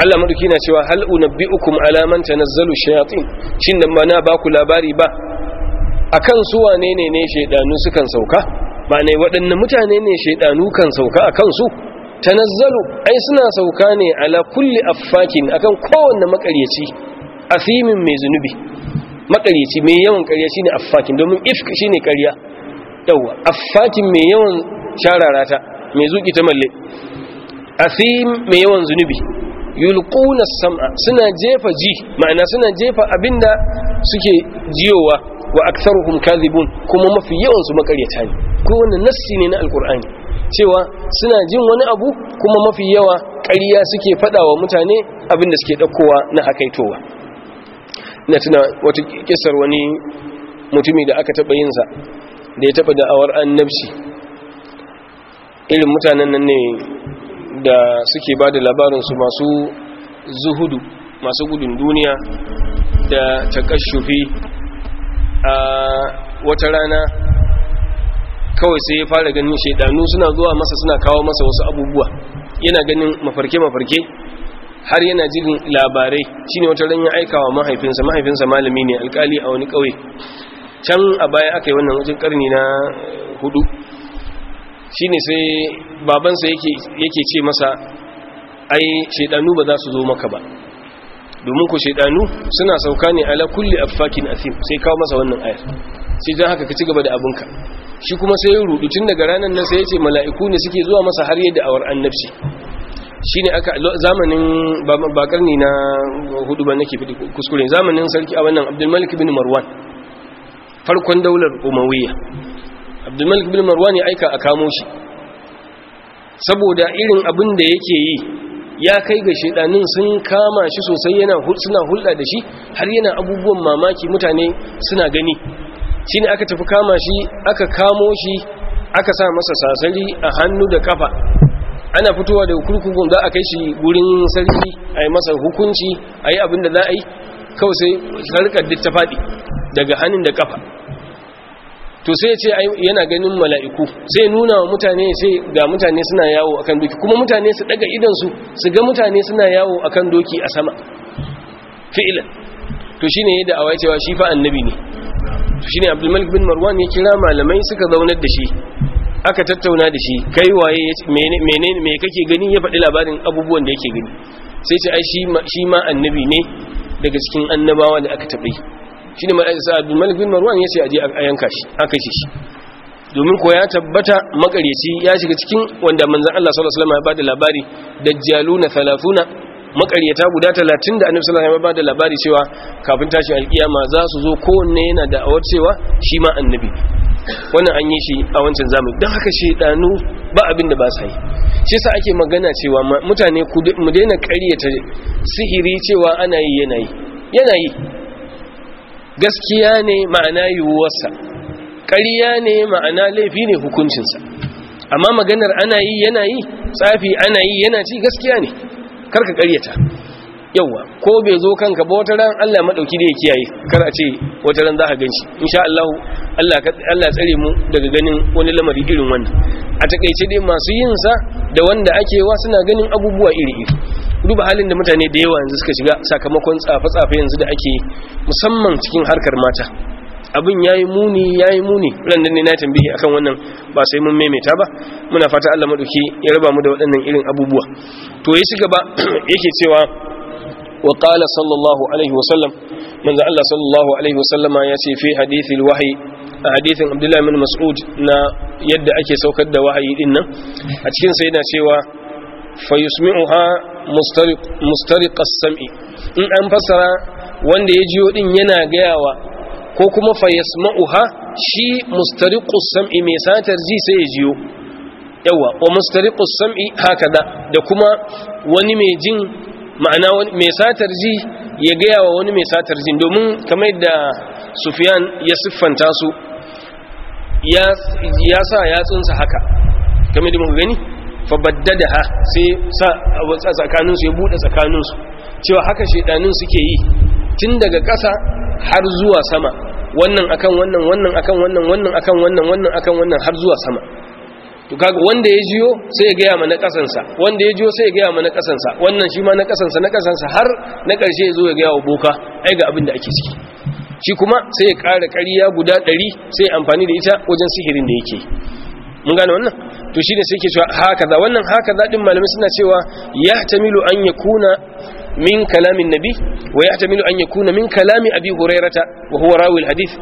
Speaker 1: Allah maduki na cewa hal unabbi'ukum ala man shayatin shin dan ba na ba ku labari ba akan su wane ne ne shaydanu sukan sauka ba ne waɗannan mutane ne shaidanu kan sauka a kansu tanazzalu ai suna sauka ne ala kulli affakin akan kowanne makaryaci asimin mai zunubi makaryaci mai yawan karya shine affakin domin ifk shine karya yawa affakin mai yawan shararata mai zuki ta malle asim mai yawan zunubi yulquna sam'a suna jefa ji ma'ana suna jefa abinda suke jiyowa wa aktharuhum kadhibun kuma mafi yawan su makaryata ne ko wannan nassi ne na alqur'ani cewa suna jin wani abu kuma mafi yawa ƙarya suke faɗawa mutane abin da suke ɗaukowa na hakaitowa na tuna wata kissar wani mutumi da aka taɓa sa da ya taba da'awar annabci irin mutanen nan ne da suke ba da su masu zuhudu masu gudun duniya da takashufi a wata rana kawai sai ya fara ganin shaidanu suna zuwa masa suna kawo masa wasu abubuwa yana ganin mafarke-mafarke har yana jirin labarai shine wata ranar aika wa mahaifinsa mahaifinsa malami ne alkali a wani kauye can a baya aka yi wannan wajen karni na hudu Shi ne sai babansa yake ce masa ai shaidanu ba za su zo maka ba domin ku shaidanu suna sauka ne ala kulli affakin athim sai kawo masa wannan ayar sai dan haka ka ci gaba da abinka shi kuma sai ya rudu tun daga ranar nan sai ya ce mala'iku ne suke zuwa masa har yadda awar annabci shine aka zamanin ba karni na hudu ba nake fidi kuskure zamanin sarki a wannan Abdul Malik ibn Marwan farkon daular Umayya Abdul Malik ibn Marwan ya aika a kamo shi saboda irin abin da yake yi ya kai ga shedanin sun kama shi sosai yana suna hulɗa da shi har yana abubuwan mamaki mutane suna gani Shi ne aka tafi kama shi aka kamo shi aka sa masa sasari a hannu da kafa ana fitowa da kurkukun za a kai shi gurin sarki a yi masa hukunci a yi abin da za a yi kawai sai sarkar duk ta faɗi daga hannun da kafa to sai ce yana ganin mala'iku sai nuna wa mutane sai ga mutane suna yawo akan doki kuma mutane su daga idansu su ga mutane suna yawo akan doki a sama fi'ilan to shine yadda awai cewa shi fa annabi ne to shine abdulmalik bin marwan ya kira malamai suka zaunar da shi aka tattauna da shi kai waye menene me kake gani ya faɗi labarin abubuwan da yake gani sai ce ai shi ma annabi ne daga cikin annabawa da aka tabbai shi ne ma'aisa abdulmalik bin marwan ya ce a je a yanka shi a kashe shi domin ko ya tabbata makaryaci ya shiga cikin wanda manzan Allah sallallahu alaihi wasallam ya bada labari dajjaluna thalathuna makaryata guda talatin da annabi sallallahu alaihi wasallam ya bada labari cewa kafin tashin alkiyama za su zo kowanne yana da awar cewa shi ma annabi wannan an yi shi a wancan zamani don haka shi danu ba abin da ba sa yi shi yasa ake magana cewa mutane mu daina karyata sihiri cewa ana yi yana yi yana yi gaskiya ne ma'ana yiwuwarsa ƙarya ne ma'ana laifi ne hukuncinsa amma maganar ana yi yana yi tsafi ana yi yana ci gaskiya ne karka ƙaryata yauwa ko bai zo kanka ba wata ran Allah madauki da ya kiyaye kar a ce wata ran za ka ganshi insha Allah Allah Allah tsare mu daga ganin wani lamari irin wannan a takeice dai masu yin sa da wanda ake wa suna ganin abubuwa iri iri duba halin da mutane da yawa yanzu suka shiga sakamakon tsafa tsafa yanzu da ake musamman cikin harkar mata abin yayi muni yayi muni ran ne na tambaye akan wannan ba sai mun maimaita ba muna fata Allah madauki ya raba mu da waɗannan irin abubuwa to ya shiga ba yake cewa wa qala sallallahu alaihi wasallam manzo Allah sallallahu alaihi wasallam ya ce fi hadithi alwahyi a hadithin Abdullah Mas'ud na yadda ake saukar da wahayi din nan a cikin sa yana cewa fa yusmi'uha mustariq mustariq as-sam'i in an fassara wanda ya jiyo din yana gayawa ko kuma fa yasma'uha shi mustariq as-sam'i mai satar ji sai ya jiyo yawa wa mustariqus sam'i hakada da kuma wani mai jin ma'ana mai satar ji ya gaya wa wani mai satar jin domin kamar yadda sufiyan ya siffanta su ya sa yatsunsa haka kamar yadda muka gani da ha sai sa a tsakaninsu ya buɗe tsakaninsu cewa haka shaidanin suke yi tun daga ƙasa har zuwa sama wannan akan wannan wannan akan wannan wannan akan wannan wannan akan wannan har zuwa sama to kaga wanda ya jiyo sai ya gaya ma na kasansa wanda ya jiyo sai ya gaya ma na kasansa wannan shi ma na kasansa na kasansa har na karshe ya zo ya gaya wa boka ai ga abin da ake ciki shi kuma sai ya ƙara kariya guda ɗari sai amfani da ita wajen sihirin da yake mun gane wannan to shine sai ke cewa haka da, wannan haka da din malamai suna cewa ya tamilu an yakuna min kalamin nabi wa ya tamilu an yakuna min kalami abi hurairata wa huwa rawi alhadith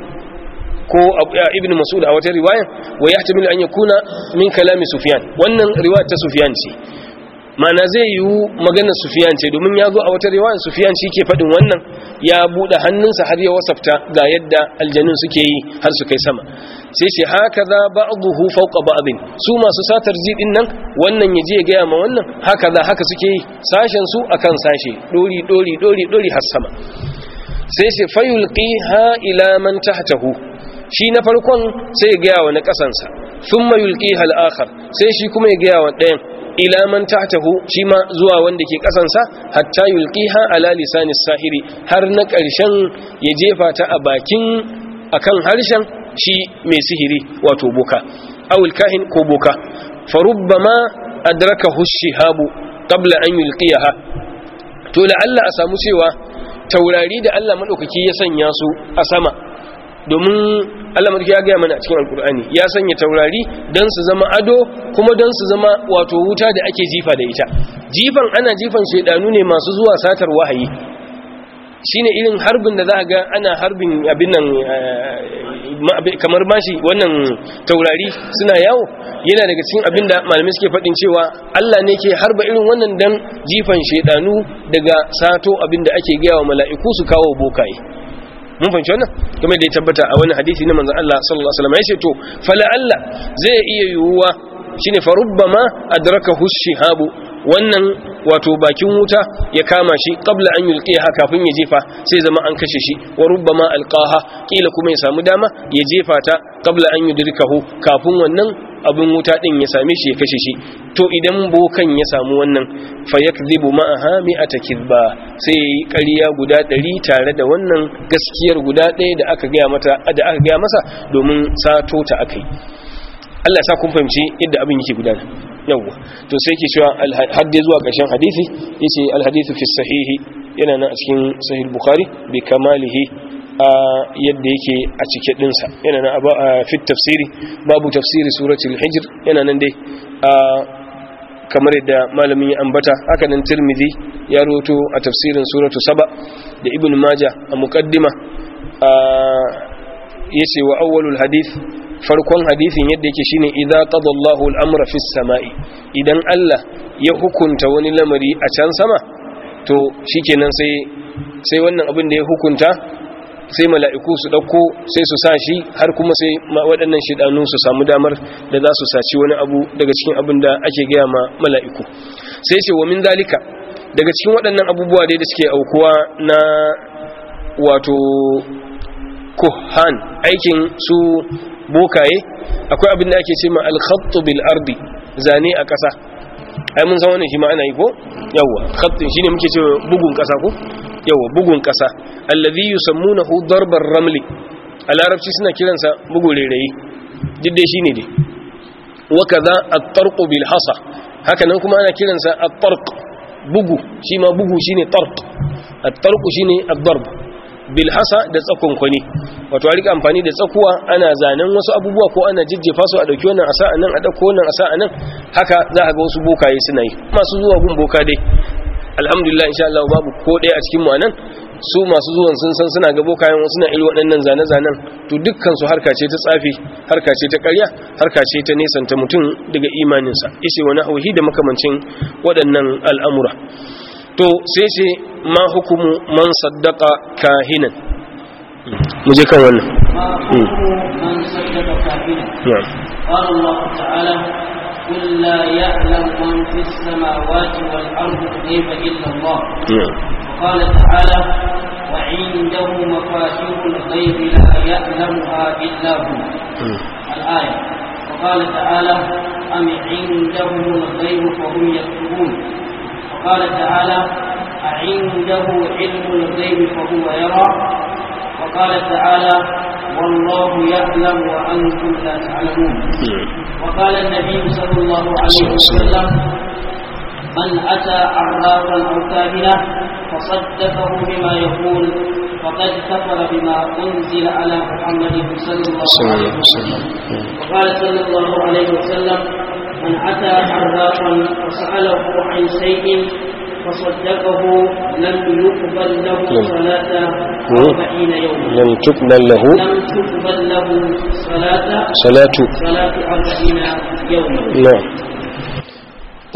Speaker 1: ko ibn mas'ud a wata riwaya wa yahtamil an yakuna min kalami sufyan wannan riwaya ta sufyan ce mana zai yiwu maganar sufiyan ce domin ya zo a wata riwayar sufyan shi ke faɗin wannan ya buɗe hannunsa har ya wasafta ga yadda aljanun suke yi har su kai sama sai shi haka za ba'duhu fawqa ba'din su masu satar jidin nan wannan ya je ya gaya ma wannan haka za haka suke yi sashen su akan sashe dori dori dori dori har sama sai shi ha ila man tahtahu shi na farkon sai ya gaya wa na ƙasansa sun mayulki hal'akar sai shi kuma ya gaya wa ɗayan ilaman tahtahu shi ma zuwa wanda ke ƙasansa hatta ha ala lisani sahiri har na ƙarshen ya jefa ta a bakin akan harshen shi mai sihiri wato buka, awul kahin ko boka farubbama adrakahu Habu, qabla an yulqiha to la'alla a samu cewa taurari da Allah madaukaki ya sanya su a sama domin Allah ya gaya mana a cikin alkur'ani ya sanya taurari don su zama ado kuma don su zama wato wuta da ake jifa da ita jifan ana jifan shaidanu ne masu zuwa satar wahayi shine irin harbin da za a ga ana harbin abin nan eh, kamar bashi wannan taurari suna yawo yana daga cikin abin da malamai suke faɗin cewa Allah ne ke harba irin wannan dan jifan shaidanu daga sato abin da ake gaya wa mala'iku su kawo bokaye mun fahimci wannan kuma da ya tabbata a wani hadisi na manzon Allah sallallahu alaihi wasallam ya ce to fala Allah zai iya yiwuwa shine farubbama adrakahu shihabu wannan wato bakin wuta ya kama shi qabla an yulqiha kafin ya jefa sai zama an kashe shi wa rubbama alqaha kila kuma ya samu dama ya jefa ta qabla an yudrikahu kafin wannan abin wuta din ya same shi ya kashe shi to idan bokan ya samu wannan fa yakdhibu ma'aha mi'ata kidba sai ƙarya guda 100 tare da wannan gaskiyar guda ɗaya da aka ga mata da aka ga masa domin sato ta akai Allah sa kun fahimci yadda abin yake gudana yawwa to sai yake cewa hadde zuwa ƙarshen hadisi yace al hadithu fi sahihi yana nan a cikin sahih bukhari bi kamalihi yadda yake a cike dinsa yana nan a fit tafsiri babu tafsiri suratul hijr yana nan dai kamar yadda malami ya ambata haka nan tirmidhi ya roto a tafsirin suratu saba da ibn majah a muqaddima yace wa awwalul hadith farkon hadithin yadda yake shine idza qadallahu al-amra fis samai idan Allah ya hukunta wani lamari a can sama to shikenan sai sai wannan abin da ya hukunta sai mala'iku su ɗauko sai su sa shi har kuma sai waɗannan shidanu su samu damar da za su saci wani abu daga cikin abin da ake gaya ma mala'iku sai ce wa min zalika daga cikin waɗannan abubuwa dai da suke aukuwa na wato kuhan aikin su bokaye akwai abin da ake ce ma alkhattu bil ardi zane a ƙasa ai mun san wannan shi ma yi ko yawwa khatin shine muke cewa bugun kasa ko yawa bugun kasa allazi yusammunahu darbar ramli a larabci suna kiransa bugu rairayi didde shine dai wa kaza at-tarq bil hasa haka nan kuma ana kiransa at-tarq bugu shi ma bugu shine tarq at-tarq shine ad-darb Bilhassa da tsakon kwani wato a rika amfani da tsakuwa ana zanen wasu abubuwa ko ana jijjefa su a dauki wannan asa nan a dauko wannan asa anan haka za a ga wasu bokaye suna yi masu zuwa gun boka dai alhamdulillah insha Allah babu ko dai a cikin mu anan su masu zuwan sun san suna ga bokayen wasu, suna iri waɗannan zane-zanen to dukkan su harka ce ta tsafi harka ce ta ƙarya harka ce ta nesanta mutum daga imaninsa ishe wani auhi da makamancin waɗannan al'amura to sai ce ma hukumu man saddaka kahinan mu je kan wannan
Speaker 2: قال تعالى وعنده مفاتيح الغيب لا يعلمها هو وقال تعالى أم عندهم الغيب فهم يكتبون قال تعالى أعنده علم الغيب فهو يرى وقال تعالى والله يعلم وأنتم لا تعلمون وقال النبي صلى الله عليه وسلم من أتى عرافا أو كاهنا فصدقه بما يقول فقد كفر بما أنزل على محمد صلى الله عليه وسلم وقال صلى الله عليه وسلم من أتى حراقا فسأله عن شيء فصدقه لم يقبل له صلاة أربعين يوما لم تقبل له لم تقبل له صلاة صلاة صلاة أربعين
Speaker 1: يوما نعم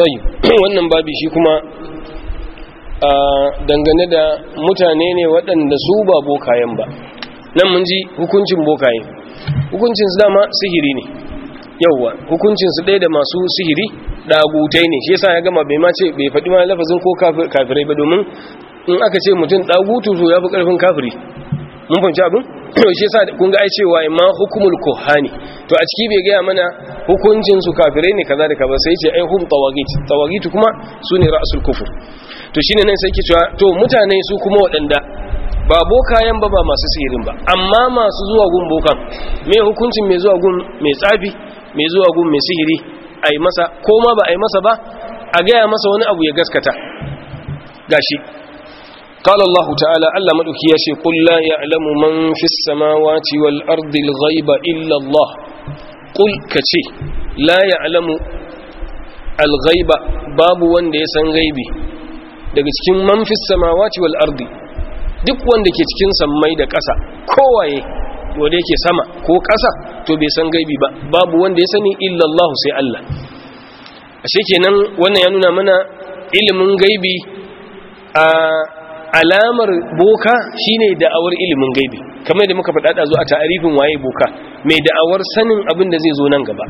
Speaker 1: طيب wannan babi shi kuma a dangane da mutane ne waɗanda su ba bokayen ba nan mun ji hukuncin bokaye hukuncin su dama sihiri ne Yau hukuncin su ɗaya da masu sihiri ɗagutai ne shi yasa ya gama bai ma ce bai faɗi ma lafazin ko kafirai ba domin in aka ce mutum ɗagutu to ya fi ƙarfin kafiri mun fahimci abin shi yasa kun ga ai cewa ma hukumul kohani to a ciki bai gaya mana hukuncin su kafirai ne kaza da kaza sai ce ai hum tawagit tawagit kuma ne ra'sul kufur to shine nan sai ke cewa to mutane su kuma waɗanda ba bokayen ba ba masu sihirin ba amma masu zuwa gun bokan me hukuncin me zuwa gun me tsafi mai zuwa gun mai sihiri a yi masa ko ma ba a yi masa ba a gaya masa wani abu ya gaskata gashi qala Allah ta'ala Allah madauki ya ce qul ya alamu man fi samawaci wal ardil ghaiba illa Allah ka ce la alamu al ghaiba babu wanda ya san gaibi daga cikin man fi samawaci wal ardi duk wanda ke cikin sammai da ƙasa kowaye wanda yake sama ko ƙasa to bai san gaibi ba babu wanda ya sani illallahu sai Allah ashe kenan wannan ya nuna mana ilimin gaibi a alamar boka shine da'awar ilimin gaibi kamar da muka faɗa da zo a ta'arifin waye boka mai da'awar sanin abin da zai zo nan gaba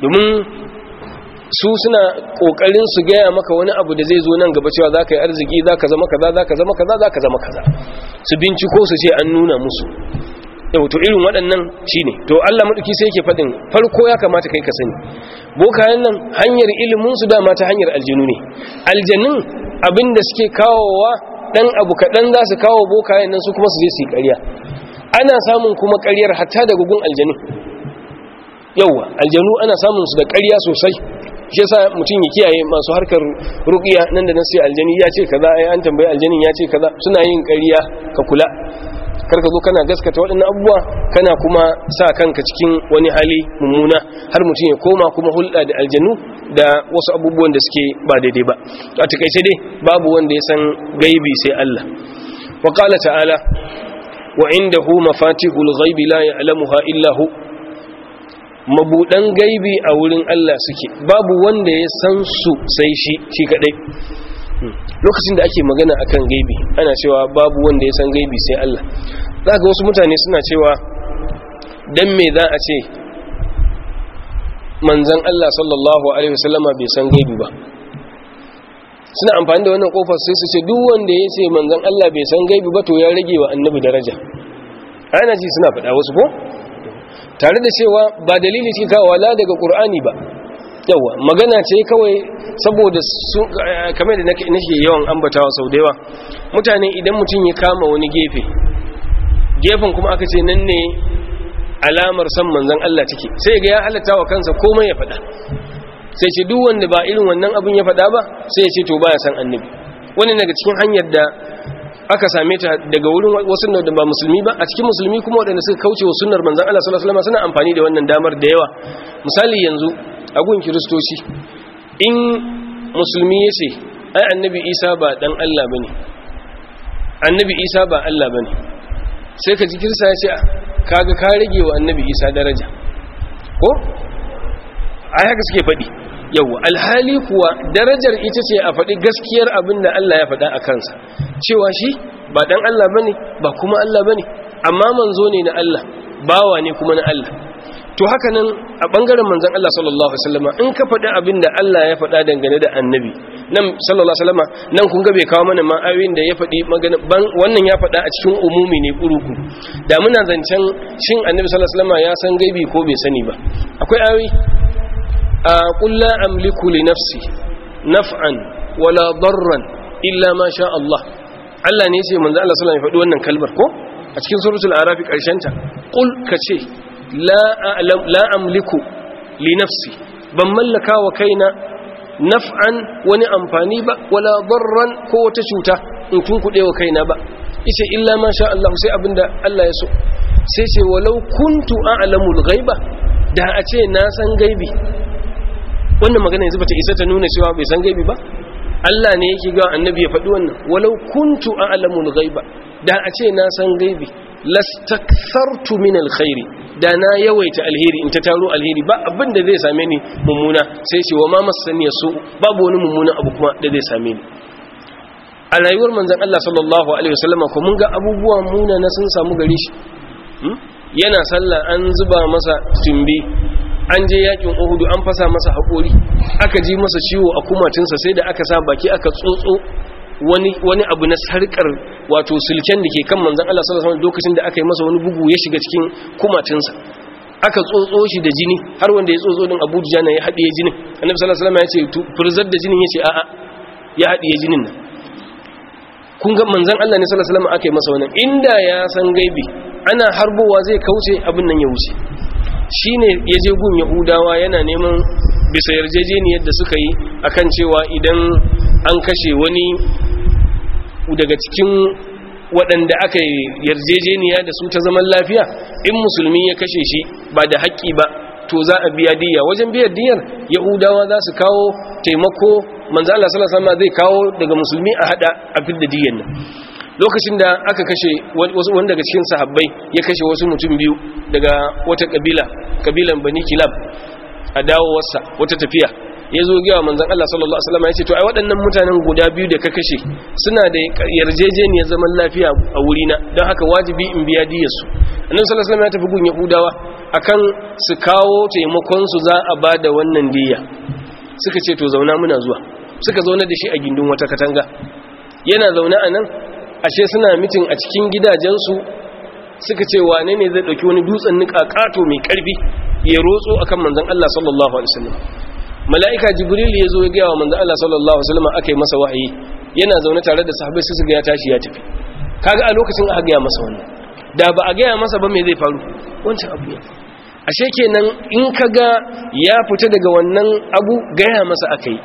Speaker 1: domin su suna kokarin su gaya maka wani abu da zai zo nan gaba cewa zaka yi arziki za ka zama kaza za zama kaza za zama kaza su binciko su ce an nuna musu to irin waɗannan shi ne, to Allah maɗuki sai yake faɗin farko ya kamata kai ka sani bokayen nan hanyar ilimin su dama ta hanyar aljanu ne abin abinda suke kawowa ɗan abu kaɗan za su kawo bokayen nan su kuma su je su yi ƙarya ana samun kuma ƙaryar hatta da gugun aljanu yauwa aljanu ana samun su da ƙarya sosai shi yasa mutum ya kiyaye masu harkar ruqiya nan da nan sai aljani ya ce kaza ai an tambaye aljanin ya ce kaza suna yin ƙarya ka kula karka zo kana gaskata waɗannan abubuwa kana kuma sa kanka cikin wani hali mummuna har mutum ya koma kuma hulɗa da aljanu da wasu abubuwan da suke ba daidai ba a takaice dai babu wanda ya san gaibi sai Allah wa qala ta'ala wa indahu mafatihul ghaibi la ya'lamuha illa hu mabudan gaibi a wurin Allah suke babu wanda ya san su sai shi shi kadai lokacin da ake magana akan gaibi ana cewa babu wanda ya san gaibi sai Allah za ga wasu mutane suna cewa dan me za a ce manzan Allah sallallahu alaihi wasallama bai san gaibi ba suna amfani da wannan kofar sai su ce duk wanda ya ce manzan Allah bai san gaibi ba to ya rage wa annabi daraja ana ji suna faɗa wasu ko tare da cewa ba dalili shi kawo wala daga ƙur'ani ba yawa magana ce kawai saboda sun eh, kamar da nake yawan ambatawa sau da yawa mutane idan mutum ya kama wani gefe gefen kuma aka ce nan ne alamar san manzon Allah take sai ga ya halatta wa kansa komai ya faɗa sai ce duk wanda ba irin wannan abin ya faɗa ba sai ya ce to baya san annabi wani daga cikin hanyar da aka same ta daga wurin wasu da ba musulmi ba a cikin musulmi kuma waɗanda suka kauce wa sunnar manzan Allah sallallahu alaihi wasallam suna amfani da wannan damar da yawa misali yanzu a gun kiristoci in musulmi ya ce ai annabi isa ba dan Allah bane annabi isa ba Allah bane sai ka ji kirsa ya ce kaga ka rage wa annabi isa daraja ko ai haka suke faɗi yau alhali kuwa darajar ita ce a faɗi gaskiyar abin da Allah ya faɗa a kansa cewa shi ba ɗan Allah ba ne ba kuma Allah ba ne amma manzo ne na Allah bawa ne kuma na Allah to haka nan a ɓangaren manzan Allah sallallahu Alaihi in ka faɗi abin da Allah ya faɗa dangane da annabi nan sallallahu Alaihi nan kun bai kawo mana ma'ayoyin da ya faɗi wannan ya faɗa a cikin umumi ne ƙuruku da muna zancen shin annabi sallallahu Alaihi ya san gaibi ko bai sani ba akwai ayoyi قل لا أملك لنفسي naf'an, wala ضرا illa ما شاء Allah ne ce manzo Allah sallallahu alaihi wasallam wannan kalmar ko a cikin suratul arafi karshen ta qul kace la a'lam la amliku li nafsi ban mallaka wa kaina naf'an wani amfani ba wala darran ko wata cuta in kun kude wa kaina ba yace illa ma sha Allah sai abinda Allah ya so sai ce walau kuntu a'lamul ghaiba da a ce na san gaibi wannan magana yanzu bata isa ta nuna cewa bai san gaibi ba Allah ne yake ga annabi ya faɗi wannan walau kuntu a'lamul ghaiba da a ce na san gaibi lastakthartu min alkhairi da na yawaita alheri in ta taro alheri ba abin da zai same ni mummuna sai ce wa ma masani yasu babu wani mummuna abu kuma da zai same ni a rayuwar manzon Allah sallallahu alaihi wasallam ko mun ga abubuwa muna na sun samu gare shi hmm? yana sallah an zuba masa tumbi an je yakin uhudu an fasa masa haƙori aka ji masa ciwo a kumatinsa sai da aka sa baki aka tsotso wani wani abu na sarkar wato silken da ke kan manzon Allah sallallahu alaihi wasallam lokacin da aka yi masa wani bugu ya shiga cikin kumatinsa aka tsotso shi da jini har wanda ya tsotso din Abu Dujana ya haɗiye jinin Annabi sallallahu alaihi wasallam ya ce furzar da jinin ya ce a'a ya haɗiye jinin nan kun ga manzon Allah ne sallallahu alaihi wasallam aka yi masa wannan inda ya san gaibi ana harbowa zai kauce abin nan ya wuce Shi ne ya je gun yahudawa yana neman bisa yarjejeniyar da suka yi akan cewa idan an kashe wani daga cikin waɗanda aka yarjejeniya da su ta zaman lafiya in musulmi ya kashe shi ba da haƙƙi ba to za a biya diya wajen biyar diyar yahudawa za su kawo taimako Manzala, salasama zai kawo daga musulmi a haɗa a fidda diyan nan lokacin da aka kashe wasu wanda daga cikin sahabbai ya kashe wasu mutum biyu daga wata kabila kabilan bani kilab a dawowarsa wata tafiya ya zo gaya manzan Allah sallallahu Alaihi wasallam ya ce to ai waɗannan mutanen guda biyu da ka kashe suna da yarjejeniyar zaman lafiya a wurina don haka wajibi in biya diyarsu annan sallallahu Alaihi ya tafi gun yahudawa kan su kawo taimakonsu za a ba da wannan diya suka ce to zauna muna zuwa suka zauna da shi a gindin wata katanga yana zaune a nan ashe suna mitin a cikin gidajensu suka ce wane ne zai ɗauki wani dutsen kato mai ƙarfi ya rotso a kan manzan Allah sallallahu Alaihi wasallam mala'ika jibril ya zo ya gaya wa manzan Allah sallallahu Alaihi wasallam aka yi masa wahayi yana zaune tare da sahabai su ga ya tashi ya tafi kaga a lokacin aka gaya masa wannan da ba a gaya masa ba me zai faru wancan abu ya ashe kenan in ka ga ya fita daga wannan abu gaya masa aka yi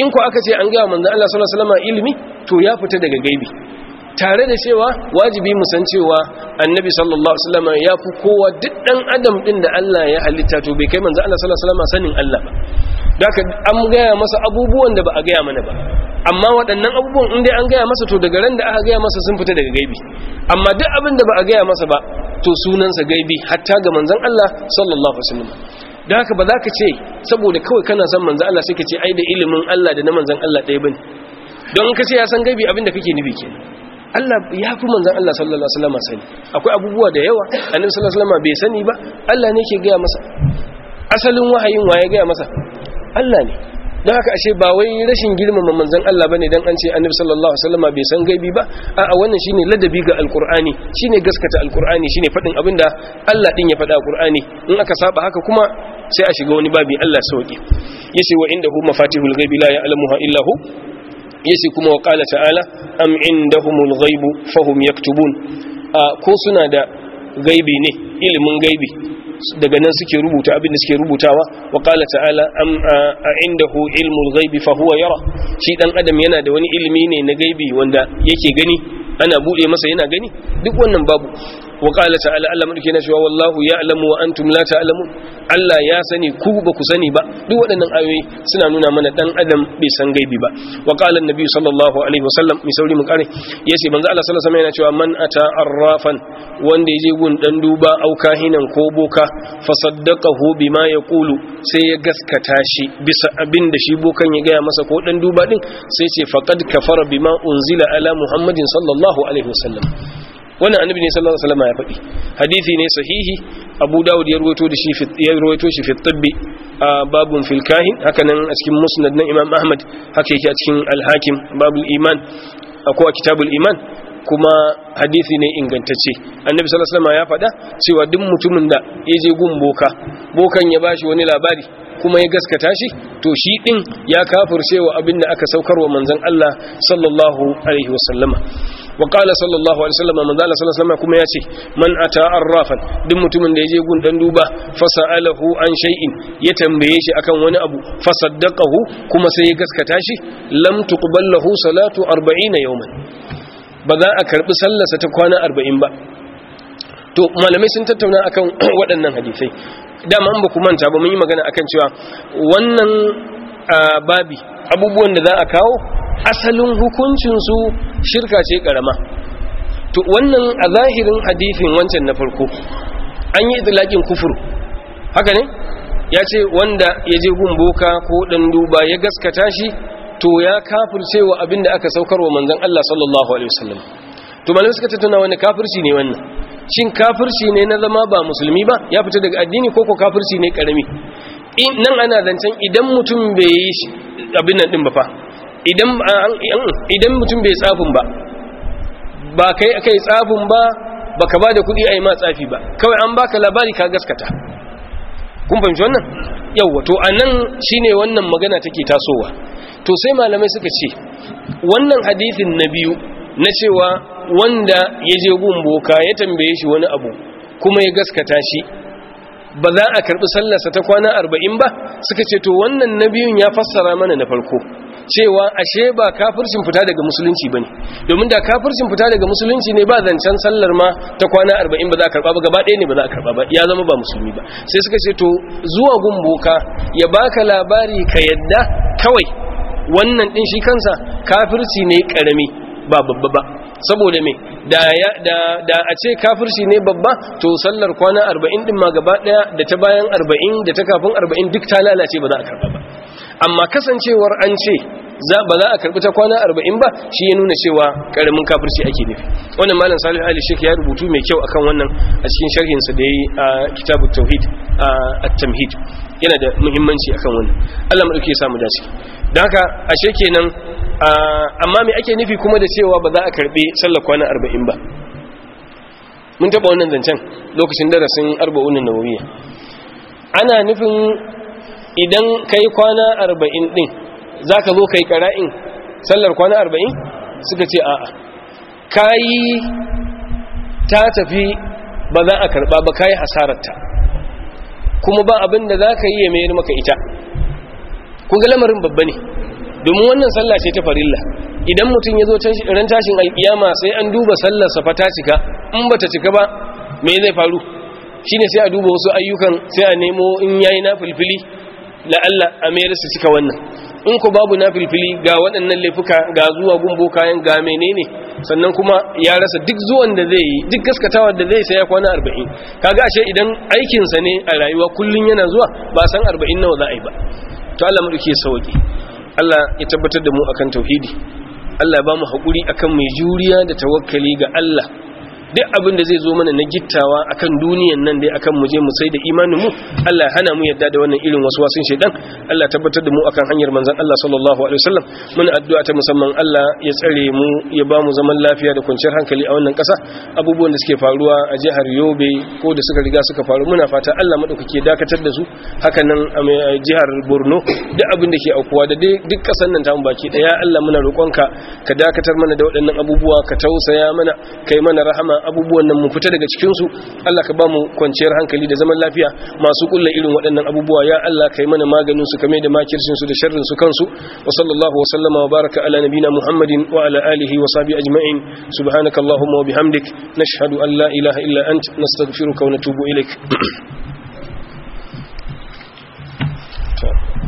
Speaker 1: in ku aka ce an gaya manzan Allah sallallahu Alaihi wasallam ilimi to ya fita daga gaibi tare da cewa wajibi mu san cewa annabi sallallahu alaihi wasallam ya fi kowa duk dan adam din da Allah ya halitta to bai kai manzo Allah sallallahu alaihi wasallam sanin Allah ba daga an gaya masa abubuwan da ba a gaya mana ba amma waɗannan abubuwan in dai an gaya masa to daga ran da aka gaya masa sun fita daga gaibi amma duk abin da ba a gaya masa ba to sunansa gaibi hatta ga manzon Allah sallallahu alaihi wasallam da haka ba za ka ce saboda kawai kana san manzon Allah sai ka ce ai da ilimin Allah da na manzon Allah ɗaya bane don in ka ce ya san gaibi abin da kake nubi kenan Allah ya fi manzan Allah sallallahu alaihi wasallama sani akwai abubuwa da yawa annabi sallallahu alaihi wasallama bai sani ba Allah ne ke gaya masa asalin wahayin waye gaya masa Allah ne don haka ashe ba wai rashin girmama manzan Allah bane don an ce annabi sallallahu alaihi wasallam bai san gaibi ba a'a wannan shine ladabi ga alkur'ani shine gaskata alkur'ani shine fadin abinda Allah din ya fada alkur'ani in aka saba haka kuma sai a shiga wani babi Allah sauki yace wa inda hu mafatihul ghaibi la ya'lamuha illa hu yace kuma wa qala ta'ala am indahumul ghaibu fahum yaktubun ko suna da gaibi ne ilimin gaibi daga nan suke rubuta abin da suke rubutawa wa qala ta'ala am indahu ilmul ghaibi fa huwa yara shi dan adam yana da wani ilimi ne na gaibi wanda yake gani ana bude masa yana gani duk wannan babu wa qala ta'ala Allah madauke na cewa wallahu ya'lamu wa antum la ta'lamun Allah ya sani ku ba ku sani ba duk waɗannan ayoyi suna nuna mana dan adam bai san gaibi ba wa qala annabi sallallahu alaihi wasallam mi sauri mu kare yace manzo Allah sallallahu alaihi wasallam yana cewa man ata arrafan wanda yaje gun dan duba auka hinan ko boka fasaddaqahu ya kulu sai ya gaskata shi bisa abin da shi bokan ya gaya masa ko dan duba din sai ce faqad kafara bima unzila ala muhammadin sallallahu alaihi wasallam wannan annabi ne sallallahu alaihi wasallam ya faɗi hadisi ne sahihi abu dawud ya rawaito da shi ya rawaito shi fi tibbi babun filkahi. haka nan a cikin musnad na imam ahmad haka yake a cikin alhakim babul iman ko a kitabul iman kuma hadisi ne ingantacce annabi sallallahu alaihi ya faɗa cewa duk mutumin da ya je gun boka bokan ya bashi wani labari kuma ya gaskata shi to shi din ya kafirce wa aka saukarwa manzon Allah sallallahu alaihi wasallama wa qala sallallahu alaihi wasallama manzon Allah sallallahu alaihi kuma ya ce man ata arrafan duk mutumin da ya je gun dan duba fasalahu an shay'in ya tambaye shi akan wani abu fasaddaqahu kuma sai ya gaskata shi lam tuqballahu salatu 40 yawman ba za a karbi sallasa ta kwana arba'in ba to malamai sun tattauna akan waɗannan hadisai dama an ba ku manta ba mun yi magana akan cewa wannan babi abubuwan da za a kawo asalin hukuncinsu shirka ce karama to wannan a zahirin hadisin wancan na farko an yi itilakin kufur haka ne ya ce wanda ya je gun ko ɗan duba ya gaskata shi to ya kafirce wa abin da aka saukar wa manzan Allah sallallahu alaihi wasallam to suka tattauna wani kafirci ne wannan shin kafirci ne na zama ba musulmi ba ya fita daga addini ko ko kafirci ne karami nan ana zancen idan mutum bai yi abin nan din ba fa idan mutum bai tsafin ba ba kai kai tsafin ba baka ba da kuɗi a yi ma tsafi ba kawai an baka labari ka gaskata kun fahimci wannan yawa to anan shine wannan magana take tasowa to sai malamai suka ce wannan hadisin na biyu na cewa wanda ya je gun boka ya tambaye shi wani abu kuma ya gaskata shi ba za a karɓi sallarsa ta kwana arba'in ba suka ce to wannan na biyun ya fassara mana na farko cewa ashe ba kafircin fita daga musulunci ba ne domin da kafircin fita daga musulunci ne ba zancen sallar ma ta kwana arba'in ba za a karɓa ba gaba ɗaya ne ba za a karɓa ba ya zama ba musulmi ba sai suka ce to zuwa gun boka ya baka labari ka yadda kawai wannan ɗin shi kansa kafirci ne ƙarami ba babba ba saboda me da a ce kafirci ne babba to sallar kwana arba'in din ma gaba daya da ta bayan arba'in, da ta kafin 40 duk ta lalace ba za a karba ba amma kasancewar an ce ba za a karbi ta kwana arba'in ba shi ya nuna cewa karamin kafirci ake nufi wannan malam salih ali shek ya rubutu mai kyau akan wannan a cikin sharhin da ya yi a kitabu tauhid a tamhid yana da muhimmanci akan wannan Allah mu dauke samu dace dan haka ashe kenan amma me ake nufi kuma da cewa ba za a karbe sallar kwana 40 ba mun taba wannan zancen lokacin darasin arba'unin nawawiyya ana nufin idan kai kwana 40 din zaka zo kai qara'in sallar kwana 40 suka ce a'a kai ta tafi ba za a karba ba kai ta kuma ba abin da za ka yi ya mayar maka ita kun ga lamarin babba ne domin wannan sallah ce ta farilla idan mutum ya zo ran tashin alkiyama sai an duba sallar sa fa ta cika in bata cika ba me zai faru shine sai a duba wasu ayyukan sai a nemo in yayi na fulfili la'alla a mayar su cika wannan in ku babu na filfili ga waɗannan laifuka ga zuwa gumbo kayan ga menene sannan kuma ya rasa duk zuwan da zai yi duk gaskatawa da zai saya kwana arba'in kaga ashe idan aikinsa ne a rayuwa kullum yana zuwa ba san arba'in nawa za a yi ba to Allah mu dake sauki Allah ya tabbatar da mu akan tauhidi Allah ya ba mu haƙuri akan mai juriya da tawakkali ga Allah duk abin da zai zo mana na gittawa akan duniyan nan dai akan muje mu sai da imanin mu Allah ya hana mu yadda da wannan irin wasu wasin shedan Allah tabbatar da mu akan hanyar manzon Allah sallallahu alaihi wasallam muna addu'a ta musamman Allah ya tsare mu ya ba mu zaman lafiya da kwanciyar hankali a wannan ƙasa abubuwan da suke faruwa a jihar Yobe ko da suka riga suka faru muna fata Allah madaukake dakatar da su haka nan a jihar Borno duk abin da ke aukuwa da duk kasan nan ta mu baki daya Allah muna roƙonka ka dakatar mana da waɗannan abubuwa ka tausaya mana kai mana rahama abubuwan nan mu fita daga cikinsu Allah ka ba mu kwanciyar hankali da zaman lafiya masu kulla irin waɗannan abubuwa ya Allah kai mana maganin su kame da makircin su da sharrin su kansu wa sallallahu wa sallama wa baraka ala nabina muhammadin wa ala alihi wa sahbihi ajma'in subhanakallahumma wa bihamdik nashhadu an la ilaha illa ant nastaghfiruka wa natubu ilaik